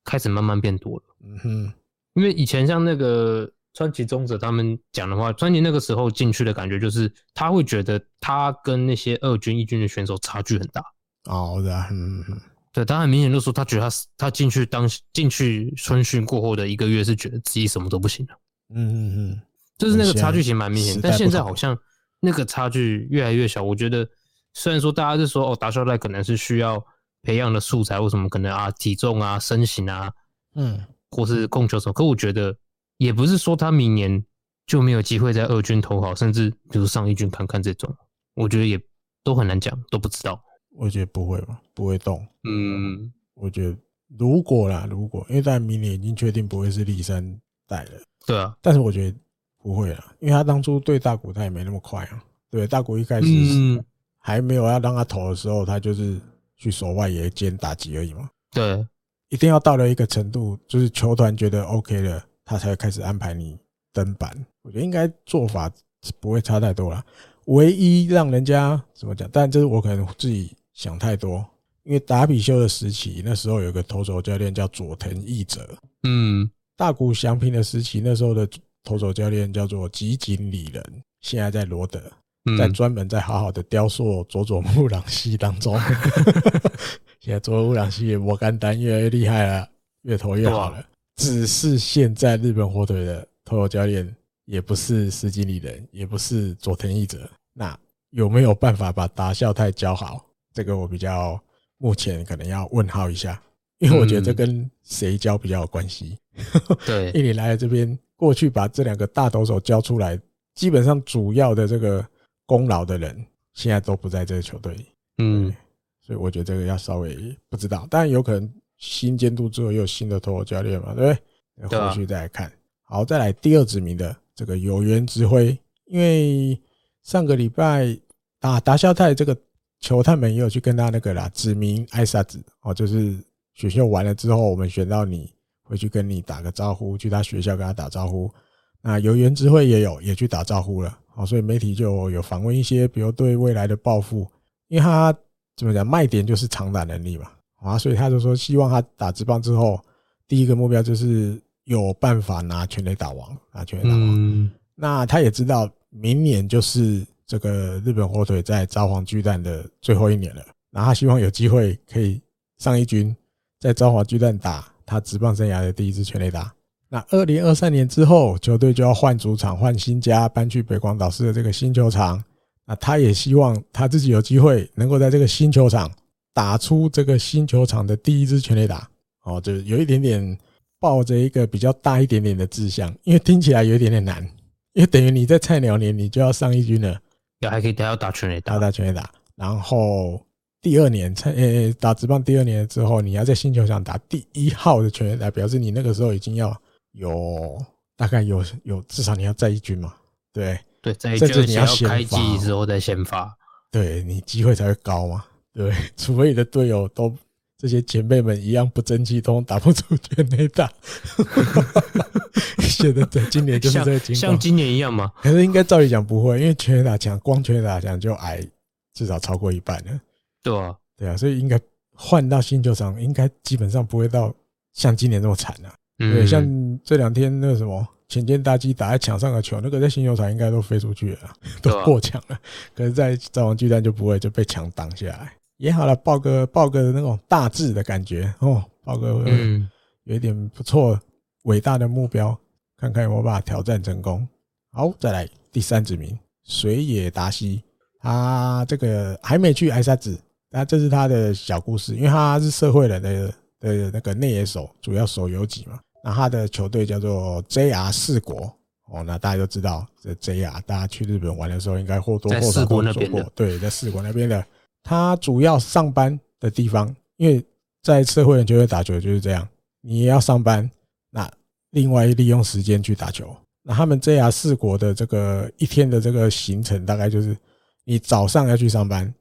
開始慢慢變多了。嗯哼，因為以前像那個川崎宗則他們講的話，川崎那個時候進去的感覺就是，他會覺得他跟那些二軍、一軍的選手差距很大。哦，對，嗯嗯。對，他很明顯就是說，他覺得他他進去當進去春訓過後的一個月，是覺得自己什麼都不行了。嗯嗯嗯，就是那個差距其實蠻明顯，但現在好像那個差距越來越小。我覺得雖然說大家就說哦，打小賴可能是需要。培養的素材，為什麼可能啊體重啊身形啊，嗯，或是控球手？可我覺得也不是說他明年就沒有機會在二軍投好，甚至比如上一軍看看這種，我覺得也都很難講，都不知道。我覺得不會吧，不會動。嗯，我覺得如果啦，如果因為在明年已經確定不會是栗山帶了，對啊。但是我覺得不會啦，因為他當初對大谷他也沒那麼快啊。對，大谷一開始是還沒有要讓他投的時候，嗯、他就是。去守外野兼打擊而已嘛，對，一定要到了一個程度，就是球團覺得 OK 了，他才會開始安排你登板。我覺得應該做法不會差太多啦，唯一讓人家怎麼講？但就是我可能自己想太多，因為達比修的時期，那時候有個投手教練叫佐藤義哲，嗯，大谷翔平的時期，那時候的投手教練叫做吉井理人，現在在羅德。在專門在好好的雕塑佐佐木朗希當中，嗯、 現在佐佐木朗希也莫甘丹越來越厲害了，越投越好了。哦、只是現在日本火腿的投手教練也不是吉井理人，也不是佐藤義則。那有沒有辦法把達孝太教好？這個我比較目前可能要問號一下，因為我覺得這跟誰教比較有關係。對、嗯， 因為你來了這邊過去把這兩個大投手教出來，基本上主要的這個。功勞的人現在都不在這個球隊裡，嗯，所以我覺得這個要稍微不知道，但有可能新監督之後又有新的投手教練嘛，對不對？後續再來看。啊、好，再來第二指名的這個有薗直輝，因為上個禮拜打達孝太這個球探們也有去跟他那個啦，指名艾沙子哦、啊，就是選秀完了之後，我們選到你，回去跟你打個招呼，去他學校跟他打招呼。那有薗直輝也有也去打招呼了。哦，所以媒體就有訪問一些，比如對未來的抱負，因為他怎麼講，賣點就是長打能力嘛，啊，所以他就說希望他打職棒之後，第一個目標就是有辦法拿全壘打王，拿全壘打王。嗯、那他也知道明年就是這個日本火腿在札幌巨蛋的最後一年了，然後他希望有機會可以上一軍，在札幌巨蛋打他職棒生涯的第一支全壘打。那二零二三年之後，球隊就要換主場、換新家，搬去北廣島市的這個新球場。那他也希望他自己有機會能夠在這個新球場打出這個新球場的第一支全壘打。哦，就是有一點點抱着一個比較大一點點的志向，因為聽起來有一點點難，因為等於你在菜鳥年你就要上一軍了，要還可以他要打全壘打，打全壘打。然後第二年，菜打職棒第二年之後，你要在新球場打第一號的全壘打，表示你那個時候已經要。有大概有有至少你要在一軍嘛？對對，在一軍你要，先要開機之後再先發，對你機會才會高嘛？對，除非你的隊友都這些前輩們一樣不爭氣，都打不出全壘打。對對對，今年就是這個精，像像今年一樣嗎？可是應該照理講不會，因為全壘打牆，光全壘打牆就矮至少超過一半了，對啊，對啊，所以應該換到新球場，應該基本上不會到像今年那麼慘了，啊。嗯、對，像這兩天那個什麼淺間大基打在牆上的球，那個在新球場應該都飛出去了，都過牆了。可是，在札幌巨蛋就不會，就被牆擋下來。也好了，豹哥，豹哥的那種大志的感覺哦，豹哥，嗯，有一點不錯，偉大的目標，看看有沒有辦法挑戰成功。好，再來第三指名水野達稀。他這個還沒去挨沙子，那這是他的小故事，因為他是社會人的。對，那個內野手主要守遊擊嘛，那他的球隊叫做 JR 四國哦，那大家都知道這 JR，大家去日本玩的時候應該或多或少會走過。對，在四國那邊的，他主要上班的地方，因為在社會人球員打球就是這樣，你也要上班，那另外利用時間去打球。那他們 JR 四國的這個一天的這個行程大概就是，你早上要去上班。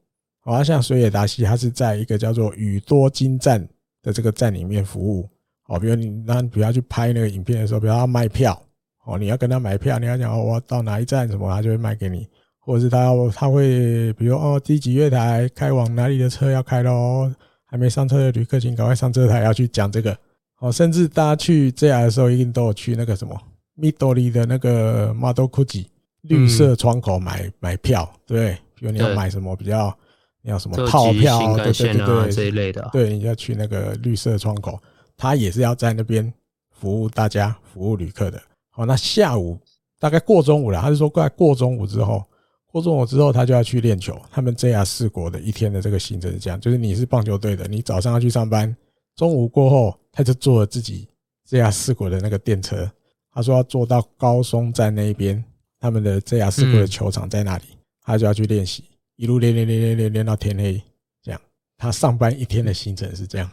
好、哦、像水野達希，他是在一個叫做宇多津站，在這個站裡面服務，哦，比如你那，比如要去拍那個影片的時候，比如要賣票，哦，你要跟他買票，你要講、哦、我要到哪一站什麼，他就會賣給你，或者是他要他會，比如哦，第幾月台開往哪裡的車要開嘍，還沒上車的旅客請趕快上車，台要去講這個，哦，甚至大家去 JR 的時候，一定都有去那個什麼 Midori 的那個 Madoguchi 綠色窗口買買票，嗯、對，比如你要買什麼比較。你要什麼套票啊？對對對，對，對，對，對、啊，這一類的、啊。對，你要去那個綠色窗口，他也是要在那邊服務大家、服務旅客的。好，那下午大概過中午了，他就說過過中午之後，過中午之後，他就要去練球。他們 JR 四國的一天的這個行程是這樣，就是你是棒球隊的，你早上要去上班，中午過後他就坐了自己 JR 四國的那個電車，他說要坐到高松站那一邊，他們的 JR 四國的球場在那裡，嗯、他就要去練習。一路連連連連連連到天黑，這樣他上班一天的行程是這樣。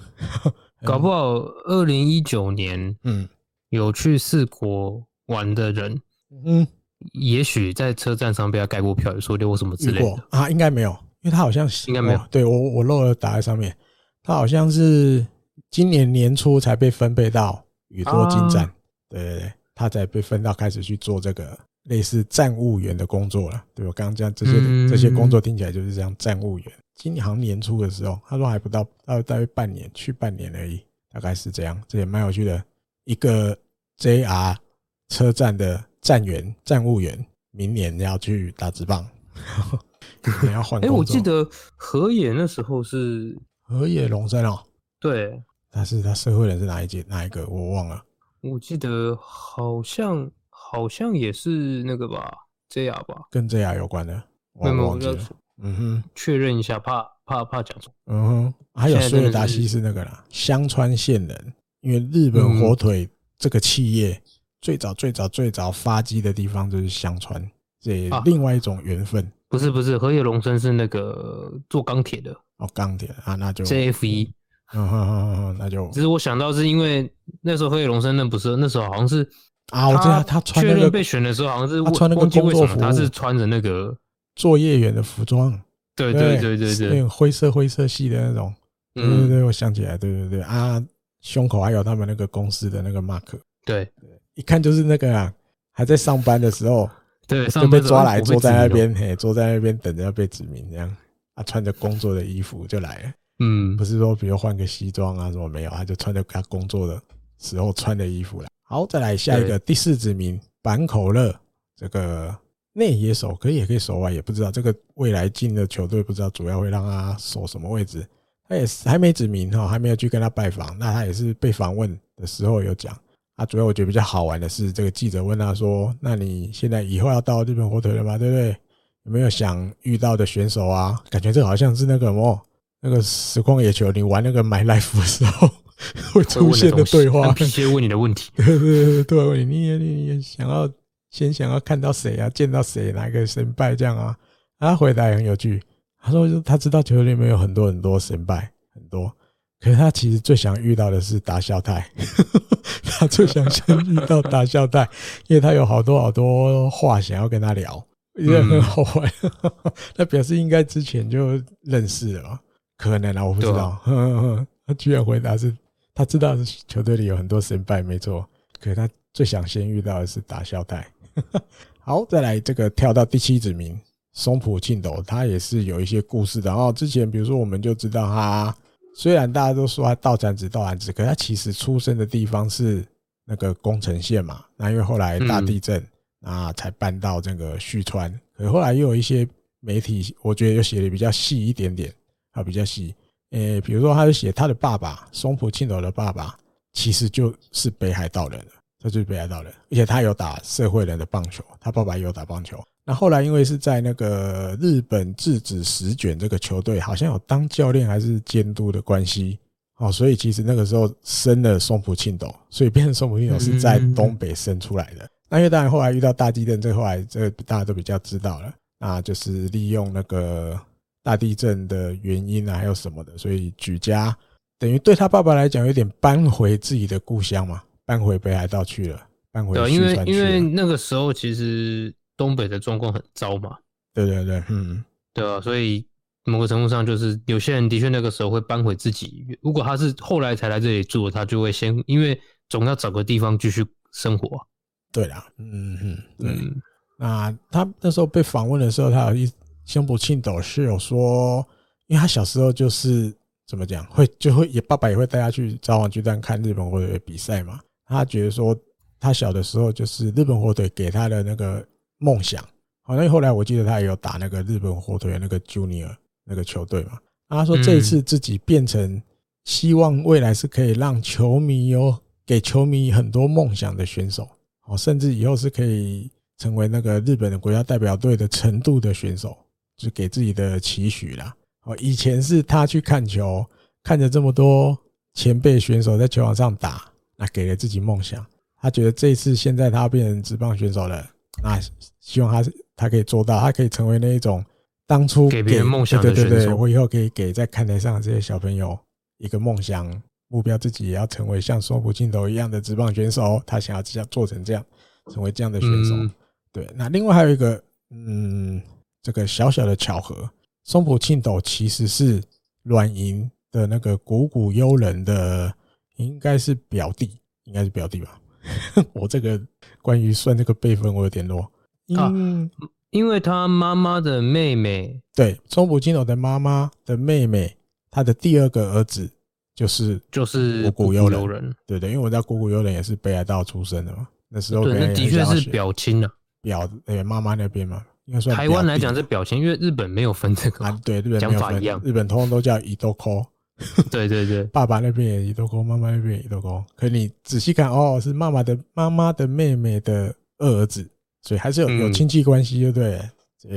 嗯、 搞不好二零一九年，嗯，有去四國玩的人，嗯，也許在車站上被他蓋過票，有說留我什麼之類的啊，應該沒有，因為他好像應該沒有。對我我漏了打在上面，他好像是今年年初才被分配到宇多津站，對對對，他才被分到開始去做這個。類似站務員的工作了對不對，對吧？剛剛講這些這些工作聽起來就是這樣站務員。今年年初的時候，他說還不到大約半年，去半年而已，大概是這樣。這也蠻有趣的，一個 JR 車站的站員、站務員，明年要去打職棒， 要換。哎，我記得河野那時候是河野龍山哦，、喔，對，但是他社會人是哪一屆哪一個？我忘了。我記得好像。好像也是那個吧，JR 吧 j r 吧，跟 JR 有關的，我忘記了。嗯哼，確認一下，怕怕怕講錯。嗯哼，還有松野達西是那個啦，香川縣人，因為日本火腿這個企業、嗯、哼最早最早最早發跡的地方就是香川，這也、啊。另外一種緣分。不是不是，河野龍生是那個做鋼鐵的。哦，鋼鐵啊，那就 JFE。嗯哼哼哼，那就。其實我想到是因為那時候河野龍生那不是那時候好像是。啊！我道他那個，被選的時候，好像是他穿那個工作服，他是穿着那個作業員的服裝。對對對對對，灰色灰色系的那種。嗯對對，我想起來，對對對，對，啊，胸口還有他們那個公司的那個 mark。對，一看就是那個，啊，還在上班的時候，對，就被抓來坐在那邊，嘿，坐在那邊等着要被指名這樣。啊，穿着工作的衣服就來了。嗯，不是說比如換個西裝啊什麼沒有、啊，他就穿着他工作的時候穿的衣服來。好，再來下一個第四指名阪口樂，這個內野手可以也可以守外，也不知道這個未來進的球隊，不知道主要會讓他守什麼位置。他也是還沒指名哈，還沒有去跟他拜訪。那他也是被訪問的時候有講，啊，主要我覺得比較好玩的是，這個記者問他說：“那你現在以後要到日本火腿了嗎？對不對？有沒有想遇到的選手啊？感覺這好像是那個什麼、哦、那個實況野球，你玩那個 My Life 的時候。” 會出現的對話，直接問你的問題。對對問對 你你，你，你想要先想要看到誰啊？見到誰？哪一個先輩這樣啊？他回答也很有趣，他說他知道球裡面有很多很多先輩，很多。可是他其實最想遇到的是達孝太， 他最想先遇到達孝太， 因為他有好多好多話想要跟他聊，也很好玩。他表示應該之前就認識了，可能啊，我不知道。對啊、呵呵他居然回答是。他知道球隊裡有很多神敗，沒錯。可是他最想先遇到的是打小太。 好，再來這個跳到第七子名松浦慶斗，他也是有一些故事的。然後、哦、之前，比如說我們就知道他，雖然大家都說他道產子道產子，可是他其實出生的地方是那個宮城縣嘛。那因為後來大地震啊，嗯、那才搬到這個旭川。可是後來又有一些媒體，我覺得又寫的比較細一點點，啊，比較細。誒，比如說，他就寫他的爸爸松浦慶斗的爸爸，其實就是北海道人，他就是北海道人，而且他有打社會人的棒球，他爸爸也有打棒球。那後來因為是在那個日本製紙石卷，這個球隊，好像有當教練還是監督的關係哦，所以其實那個時候生了松浦慶斗，所以變成松浦慶斗是在東北生出來的。那因為當然後來遇到大地震，這後來這大家都比較知道了，那就是利用那個。大地震的原因啊，還有什麼的？所以舉家等於對他爸爸來講，有點搬回自己的故鄉嘛，搬回北海道去了。搬回去對、啊，因為因為那個時候其實東北的狀況很糟嘛。對對對，嗯，對啊。所以某個程度上，就是有些人的確那個時候會搬回自己。如果他是後來才來這裡住的，他就會先因為總要找個地方繼續生活、啊。對啦、啊，嗯嗯，對。嗯、那他那時候被訪問的時候，他有一。松浦慶斗是有說，因為他小時候就是怎麼講，會就會也爸爸也會帶他去札幌巨蛋看日本火腿的比賽嘛。他覺得說，他小的時候就是日本火腿給他的那個夢想。好，那後來我記得他也有打那個日本火腿的那個 Junior 那個球隊嘛。他說這一次自己變成希望未來是可以讓球迷有給球迷很多夢想的選手，好，甚至以後是可以成為那個日本的國家代表隊的程度的選手。就給自己的期許啦。哦，以前是他去看球，看着這麼多前輩選手在球場上打，那給了自己夢想。他覺得這一次現在他變成職棒選手了，那希望他是他可以做到，他可以成為那一種當初給別人夢想的選手。對對對，對，我以後可以給在看台上的這些小朋友一個夢想目標，自己也要成為像雙浦鏡頭一樣的職棒選手。他想要做成這樣，成為這樣的選手。嗯、對，那另外還有一個，嗯。這個小小的巧合，松浦慶斗其實是軟銀的那個古谷優人的，應該是表弟，應該是表弟吧。 我這個關於算這個輩分，我有點弱、啊。因為他媽媽的妹妹，對，松浦慶斗的媽媽的妹妹，他的第二個兒子就是就是古谷優人。古谷優人對，對對，因為我家古谷優人也是北海道出生的嘛，那時候對，的確是表親了、啊，表哎媽媽那邊嘛。應該啊、台灣來講這表情，因為日本沒有分這個，對日本講法一樣、啊，日本，一樣日本通常都叫伊豆公。 對對對，爸爸那邊也伊豆公，媽媽那邊也伊豆公。可你仔細看哦，是媽媽的媽媽的妹妹的二兒子，所以還是有有親戚關係，對不對？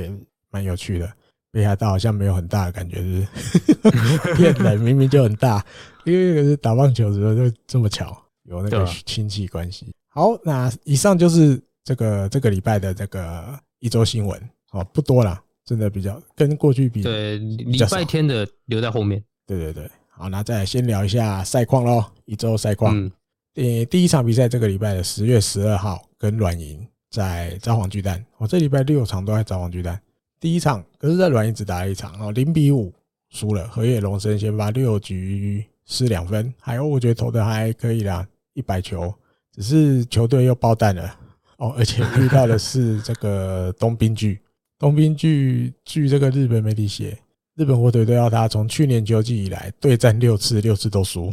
也蠻有趣的。北海道好像沒有很大的感覺是，是 變冷，明明就很大。因為可是打棒球的時候，就這麼巧有那個親戚關係。啊、好，那以上就是這個這個禮拜的這個。一週新聞哦，不多啦，真的比較跟過去比對，禮拜天的留在後面。對對對，好，那再來先聊一下賽況咯，一週賽況。嗯、欸，第一場比賽這個禮拜的十月十二號跟軟銀在札幌巨蛋。我、哦、這禮拜六場都在札幌巨蛋，第一場可是，在軟銀只打了一場，哦零比五輸了。河野龍生先發六局失兩分，海鷗我覺得投的還可以啦，一百球，只是球隊又爆蛋了。哦，而且遇到的是這個東濱巨，東濱巨，據這個日本媒體寫，日本火腿都要他。從去年球季以來，對戰六次，六次都輸，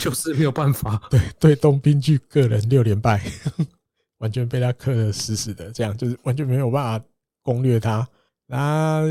就是沒有辦法。 對，對東濱巨個人六連敗，完全被他克的死死的。這樣就是完全沒有辦法攻略他。那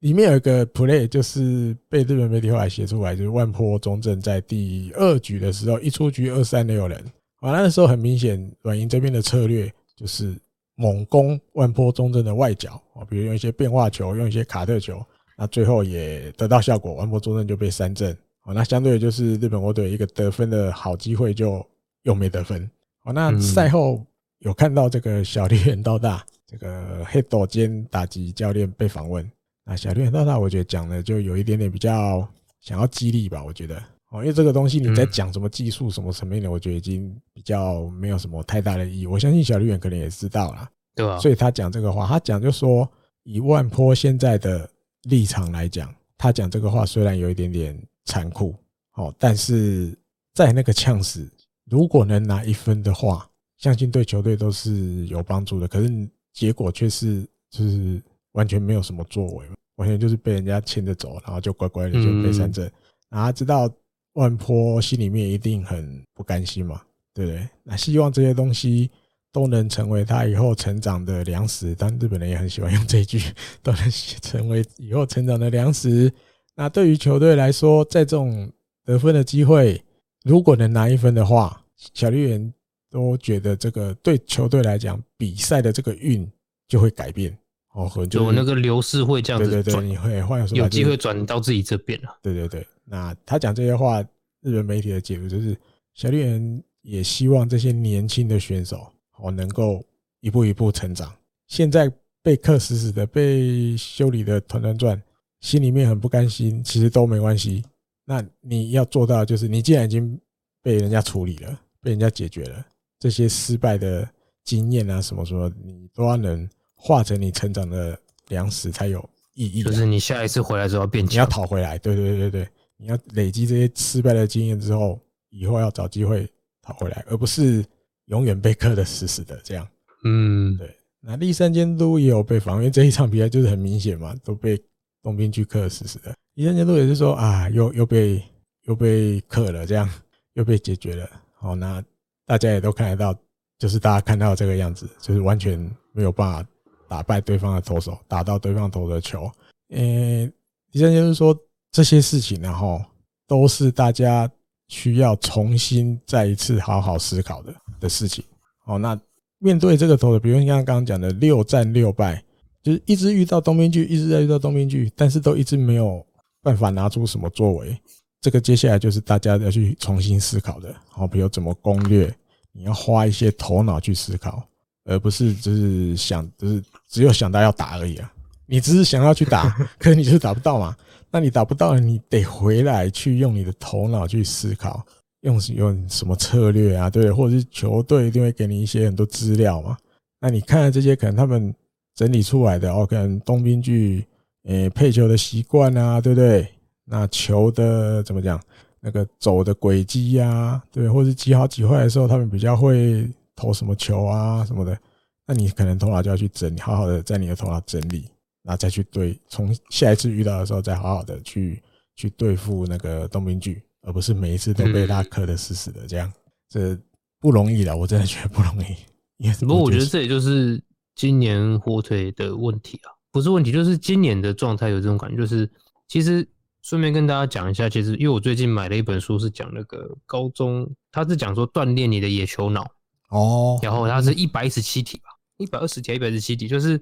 裡面有一個 play，就是被日本媒體後來寫出來，就是萬波中正在第二局的時候，一出局二三六人。完了的時候，很明顯，軟銀這邊的策略就是猛攻萬波中正的外角啊，比如用一些變化球，用一些卡特球，那最後也得到效果，萬波中正就被三振，啊。那相對的就是日本國隊一個得分的好機會，就又沒得分。好，那賽後有看到這個小笠原道大，這個黑斗兼打擊教練被訪問啊。小笠原道大，我覺得講的就有一點點比較想要激勵吧，我覺得。哦，因為這個東西你在講什麼技術什麼層面的，我覺得已經比較沒有什麼太大的意義。我相信小綠遠可能也知道啦，對，所以他講這個話，他講就說以萬波現在的立場來講，他講這個話雖然有一點點殘酷，哦，但是在那個嗆死，如果能拿一分的話，相信對球隊都是有幫助的。可是結果卻是就是完全沒有什麼作為，完全就是被人家牽着走，然後就乖乖的就被三振，他知道。萬波心裡面一定很不甘心嘛，對不對？那希望這些東西都能成為他以後成長的糧食。當然日本人也很喜歡用這一句，都能成為以後成長的糧食。那對於球隊來說，在這種得分的機會，如果能拿一分的話，小綠人都覺得這個對球隊來講，比賽的這個運就會改變。哦，我那個劉世慧這樣子對對對，你會換有機會轉到自己這邊了。對對對，那他講這些話，日本媒體的解讀就是，小笠原也希望這些年輕的選手哦能夠一步一步成長。現在被克死死的，被修理的團團轉，心裡面很不甘心，其實都沒關係。那你要做到的就是，你既然已經被人家處理了，被人家解決了這些失敗的經驗啊，什麼什麼，你都要能。化成你成長的糧食才有意義，就是你下一次回來之後變，你要討回來。對對對對，你要累積這些失敗的經驗之後，以後要找機會討回來，而不是永遠被克得死死的這樣。嗯，對。那栗山監督也有被防，因為這一場比賽，就是很明顯嘛，都被東濱巨克死死的。栗山監督也是說啊，又又被又被克了，這樣又被解決了。哦，那大家也都看得到，就是大家看到這個樣子，就是完全沒有辦法打敗對方的投手，打到對方投的球誒，呃，第三就是說這些事情，啊，然後都是大家需要重新再一次好好思考的的事情。哦，那面對這個投手，比如像剛剛講的六戰六敗，就是一直遇到東濱巨，一直在遇到東濱巨，但是都一直沒有辦法拿出什麼作為。這個接下來就是大家要去重新思考的，哦，比如怎麼攻略，你要花一些頭腦去思考。而不是就是想就是只有想到要打而已啊，你只是想要去打， 可是你就是打不到嘛。那你打不到，你得回來去用你的頭腦去思考，用用什麼策略啊，對，或者是球隊一定會給你一些很多資料嘛。那你看了這些，可能他們整理出來的，哦，可能東濱巨呃配球的習慣啊，對不對？那球的怎麼講？那個走的軌跡呀，對，或者幾好幾壞的時候，他們比較會。投什麼球啊，什麼的，那你可能頭腦就要去整，好好的在你的頭腦整理，然後再去對，從下一次遇到的時候再好好的去去對付那個東濱巨，而不是每一次都被他磕的死死的，這樣、嗯、這不容易的，我真的覺得不容易。因為不過我覺得這也就是今年火腿的問題啊，不是問題，就是今年的狀態有這種感覺。就是其實順便跟大家講一下，其實因為我最近買了一本書，是講那個高中，他是講說鍛鍊你的野球腦。哦，然後他是一百一十七題吧？一百二十題，一百一十七題，就是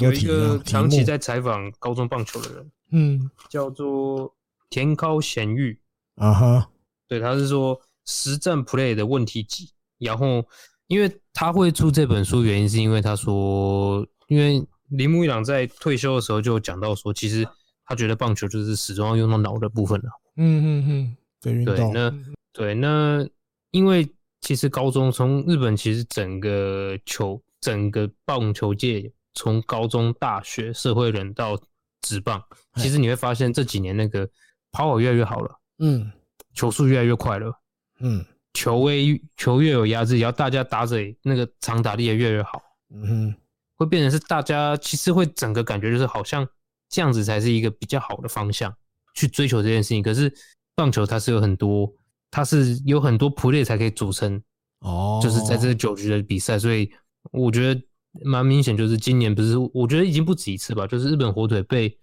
有一個長期在採訪高中棒球的人，嗯，叫做田高賢玉啊哈，對，他是說實戰 play 的問題集。然後，因為他會出這本書，原因是因為他說，因為鈴木一朗在退休的時候就講到說，其實他覺得棒球就是始終要用到腦的部分的、嗯。嗯嗯嗯，對，那、嗯嗯、對那因為。其實高中從日本，其實整個球，整個棒球界，從高中，大學，社會人到職棒，嘿其實你會發現這幾年那個跑壘越來越好了，嗯，球速越來越快了，嗯，球威球越有壓制，然後，大家打者，那個長打力也越來越好，嗯，哼，會變成是大家其實會整個感覺就是好像這樣子才是一個比較好的方向去追求這件事情。可是棒球它是有很多，它是有很多 play 才可以組成哦，就是在這九局的比賽，所以我覺得蠻明顯，就是今年不是我覺得已經不止一次吧，就是日本火腿被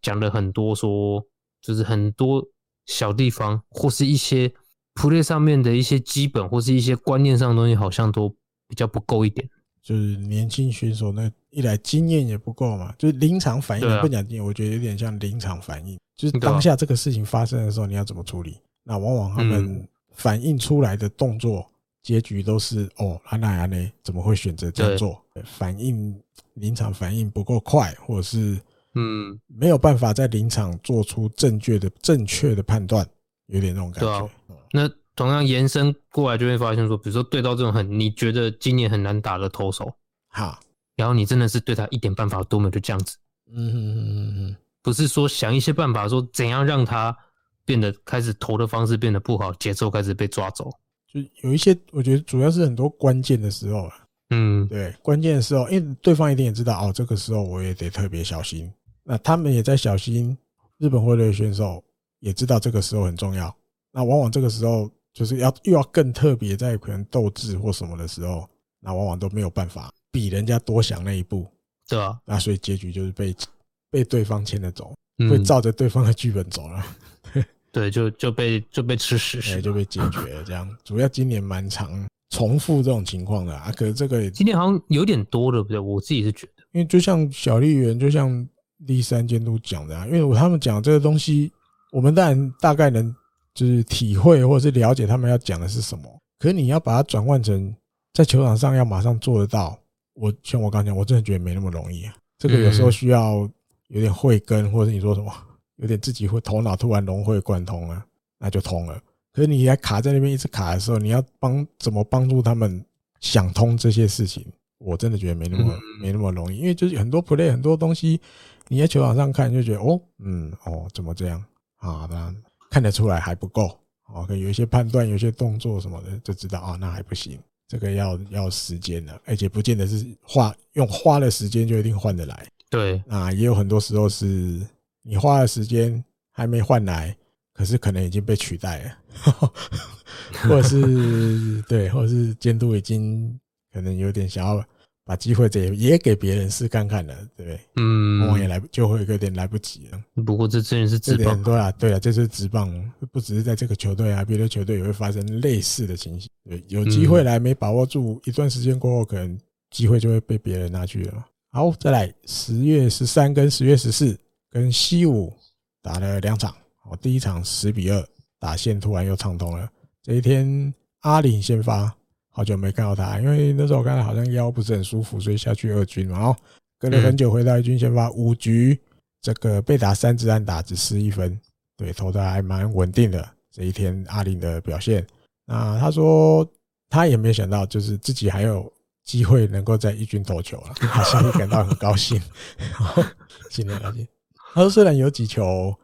講了很多，說就是很多小地方或是一些 play 上面的一些基本或是一些觀念上的東西，好像都比較不夠一點。就是年輕選手那一來經驗也不夠嘛，就是臨場反應、啊、不講經驗，我覺得有點像臨場反應，就是當下這個事情發生的時候，啊、你要怎麼處理？那往往他們反映出來的動作結局都是、嗯、哦，安那亞呢怎麼會選擇這樣做？對反應，臨場反應不夠快，或者是嗯沒有辦法在臨場做出正確的正確的判斷，有點那種感覺、啊。那同樣延伸過來就會發現說，比如說對到這種很你覺得今年很難打的投手，好哈，然後你真的是對他一點辦法都沒有，就這樣子。嗯哼哼哼，不是說想一些辦法說怎樣讓他。變得開始投的方式變得不好，節奏開始被抓走。就有一些，我覺得主要是很多關鍵的時候，嗯，對，關鍵的時候，因為對方一定也知道哦，這個時候我也得特別小心。那他們也在小心，日本火腿的選手也知道這個時候很重要。那往往這個時候就是要又要更特別，在可能鬥志或什麼的時候，那往往都沒有辦法比人家多想那一步。對啊，那所以結局就是被被對方牽着走，會照着對方的劇本走了。嗯 對，就就被就被吃屎，就被解決了這樣。主要今年蠻常重複這種情況的啊，啊，可是這個今年好像有點多了，對不對？我自己是覺得。因為就像小笠原，就像第三監督講的啊，因為他們講這個東西，我們當然大概能就是體會或者是了解他們要講的是什麼，可是你要把它轉換成在球場上要馬上做得到，我像我剛講，我真的覺得沒那麼容易啊。這個有時候需要有點慧根，或者是你說什麼。有點自己會頭腦突然融會貫通了、啊，那就通了。可是你還卡在那邊一直卡的時候，你要幫怎麼幫助他們想通這些事情？我真的覺得沒那麼沒那麼容易，因為就是很多 play 很多東西，你在球場上看就覺得哦，嗯，哦，怎麼這樣啊？那看得出來還不夠。OK，有一些判斷，有一些動作什麼的，就知道啊，那還不行。這個要要時間的，而且不見得是花用花了時間就一定換得來。對，啊，也有很多時候是。你花的時間還沒換來，可是可能已經被取代了， 或者是對，或者是監督已經可能有點想要把機會也也給別人試看看了，對不對？嗯，我也來就會有點來不及了。不過這真是指點很多啊，對啊，這是職棒，不只是在這個球隊啊，別的球隊也會發生類似的情形。有機會來沒把握住，一段時間過後，可能機會就會被別人拿去了。好，再來十月十三跟十月十四。跟西武打了兩場，我第一場十比二，打線突然又暢通了。這一天阿林先發，好久沒看到他，因為那時候我看他好像腰不是很舒服，所以下去二軍嘛。然後隔了很久回到一軍先發五局，這個被打三支安打只失一分，對投的還蠻穩定的。這一天阿林的表現，那他說他也沒想到，就是自己還有機會能夠在一軍投球了，好像也感到很高興。今天好，新他說雖然有幾球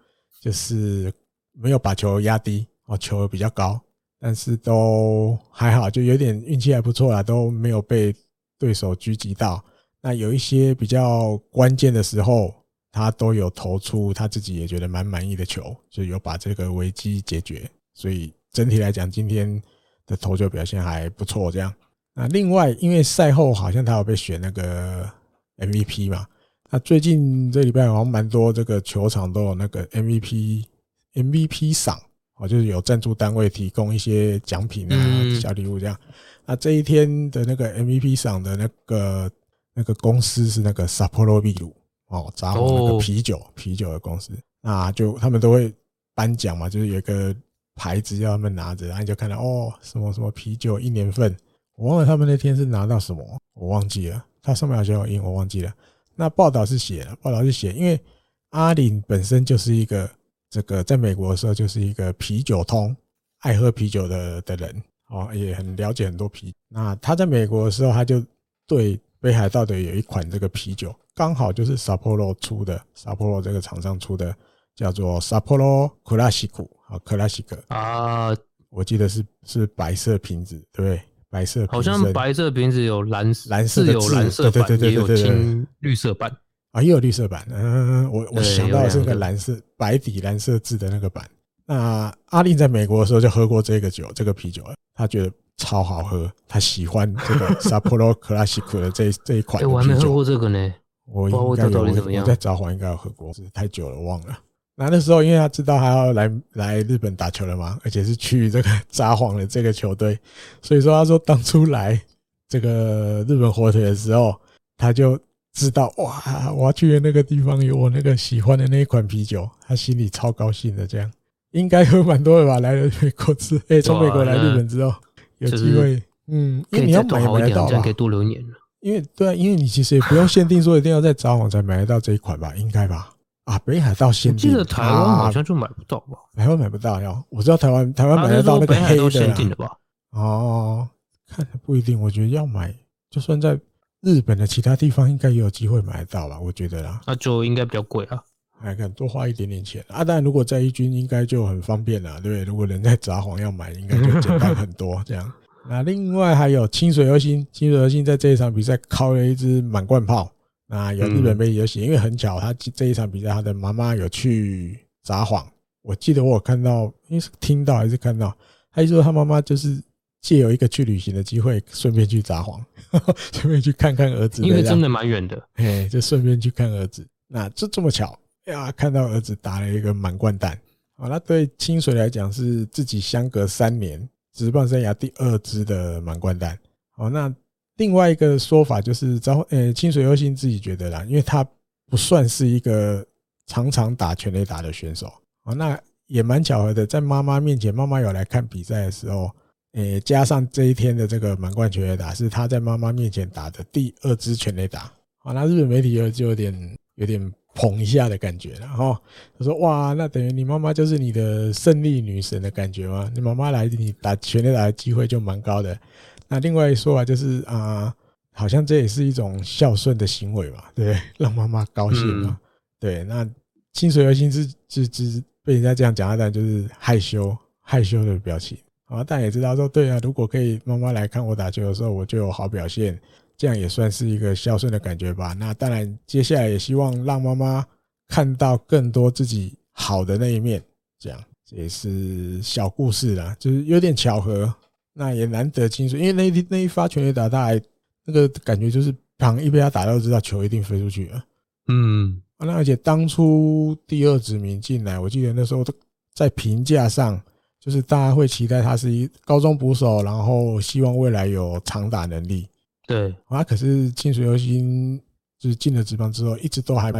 就是沒有把球壓低，哦，球比較高，但是都還好，就有點運氣還不錯啦，都沒有被對手狙擊到。那有一些比較關鍵的時候，他都有投出他自己也覺得蠻滿意的球，就有把這個危機解決。所以整體來講，今天的投球表現還不錯。這樣，那另外因為賽後好像他有被選那個 MVP 嘛。那最近這禮拜好像蠻多這個球場都有那個 MVP MVP 賞哦，就是有贊助單位提供一些獎品啊，小禮物這樣。那這一天的那個 MVP 賞的那個那個公司是那個 Sapporo biru 哦，砸那個啤酒啤酒的公司，那就他們都會頒獎嘛，就是有一個牌子要他們拿着，然後你就看到哦什麼什麼啤酒一年份，我忘了他們那天是拿到什麼，我忘記了，它上面好像有印，我忘記了。那報道是寫的，報道是寫，因為阿林本身就是一個這個在美國的時候就是一個啤酒通，愛喝啤酒的的人哦，也很了解很多啤。那他在美國的時候，他就對北海道的有一款這個啤酒，剛好就是 Sapporo 出的，Sapporo 這個廠商出的，叫做 Sapporo Classic 啊，Classic 啊，啊我記得是是白色瓶子，對不對？白色瓶好像白色的瓶子有藍自有藍色的有藍色版，也有金綠色版啊，也有綠色版。嗯、呃，我對我想到的是那個藍色個白底藍色字的那個版。那阿令在美國的時候就喝過這個酒，這個啤酒了，他覺得超好喝，他喜歡這個 Sapporo Classic 的這一 這一款。我還沒喝過這個呢，我我，不知道它到底怎麼樣。我在札幌應該有喝過，太久了忘了。來的時候，因為他知道他要來來日本打球了嘛，而且是去這個札幌的這個球隊，所以說他說當初來這個日本火腿的時候，他就知道哇，我要去的那個地方有我那個喜歡的那一款啤酒，他心裡超高興的。這樣應該喝蠻多的吧？來了美國吃，哎、欸，從美國來日本之後有機會，就是、嗯，因為你要買也買得到，可以多留年。因為對、啊，因為你其實也不用限定說一定要在札幌才買得到這一款吧， 應該吧。啊，北海道限定。我記得台灣好像就買不到吧？啊、台灣買不到要、啊？我知道台灣台灣買得到那個黑的、啊就是、都限定的吧？哦，看不一定。我覺得要買，就算在日本的其他地方，應該也有機會買得到吧？我覺得啦。那就應該比較貴啊。還敢多花一點點錢。啊，但如果在一軍，應該就很方便了，對不對？如果人在札幌要買，應該就簡單很多。 這樣。那、啊、另外還有清水優心，清水優心在這一場比賽靠了一支滿貫炮。那有日本媒體有寫，嗯、因為很巧，他這一場比賽，他的媽媽有去札幌。我記得我有看到，因為是聽到還是看到，他就說他媽媽就是藉由一個去旅行的機會，順便去札幌，順便去看看兒子。因為真的蠻遠的，哎，就順便去看兒子。那就這麼巧呀，看到兒子打了一個滿貫彈。哦，那對清水來講是自己相隔三年職棒生涯第二支的滿貫彈。哦，那。另外一個說法就是，招、欸、呃，清水優心自己覺得啦，因為他不算是一個常常打全壘打的選手啊，那也蠻巧合的，在媽媽面前，媽媽有來看比賽的時候，誒、欸，加上這一天的這個滿貫全壘打是他在媽媽面前打的第二支全壘打啊，那日本媒體就有點有點捧一下的感覺了哈，他說哇，那等於你媽媽就是你的勝利女神的感覺嗎？你媽媽來，你打全壘打的機會就蠻高的。那另外一說啊，就是啊、呃，好像這也是一種孝順的行為吧？對，讓媽媽高興嘛。嗯、對，那清水核心清水優心是是是被人家這樣講，但就是害羞害羞的表情啊。但也知道說，對啊，如果可以，媽媽來看我打球的時候，我就有好表現，這樣也算是一個孝順的感覺吧。那當然，接下來也希望讓媽媽看到更多自己好的那一面，這樣也是小故事啦，就是有點巧合。那也難得清水，因為那那一發球也打，大，還那個感覺就是，旁一被他打到，知道球一定飛出去了。嗯，那而且當初第二指名進來，我記得那時候在評價上，就是大家會期待他是一高中捕手，然後希望未來有長打能力。對，啊，可是清水優心就是進了職棒之後，一直都還。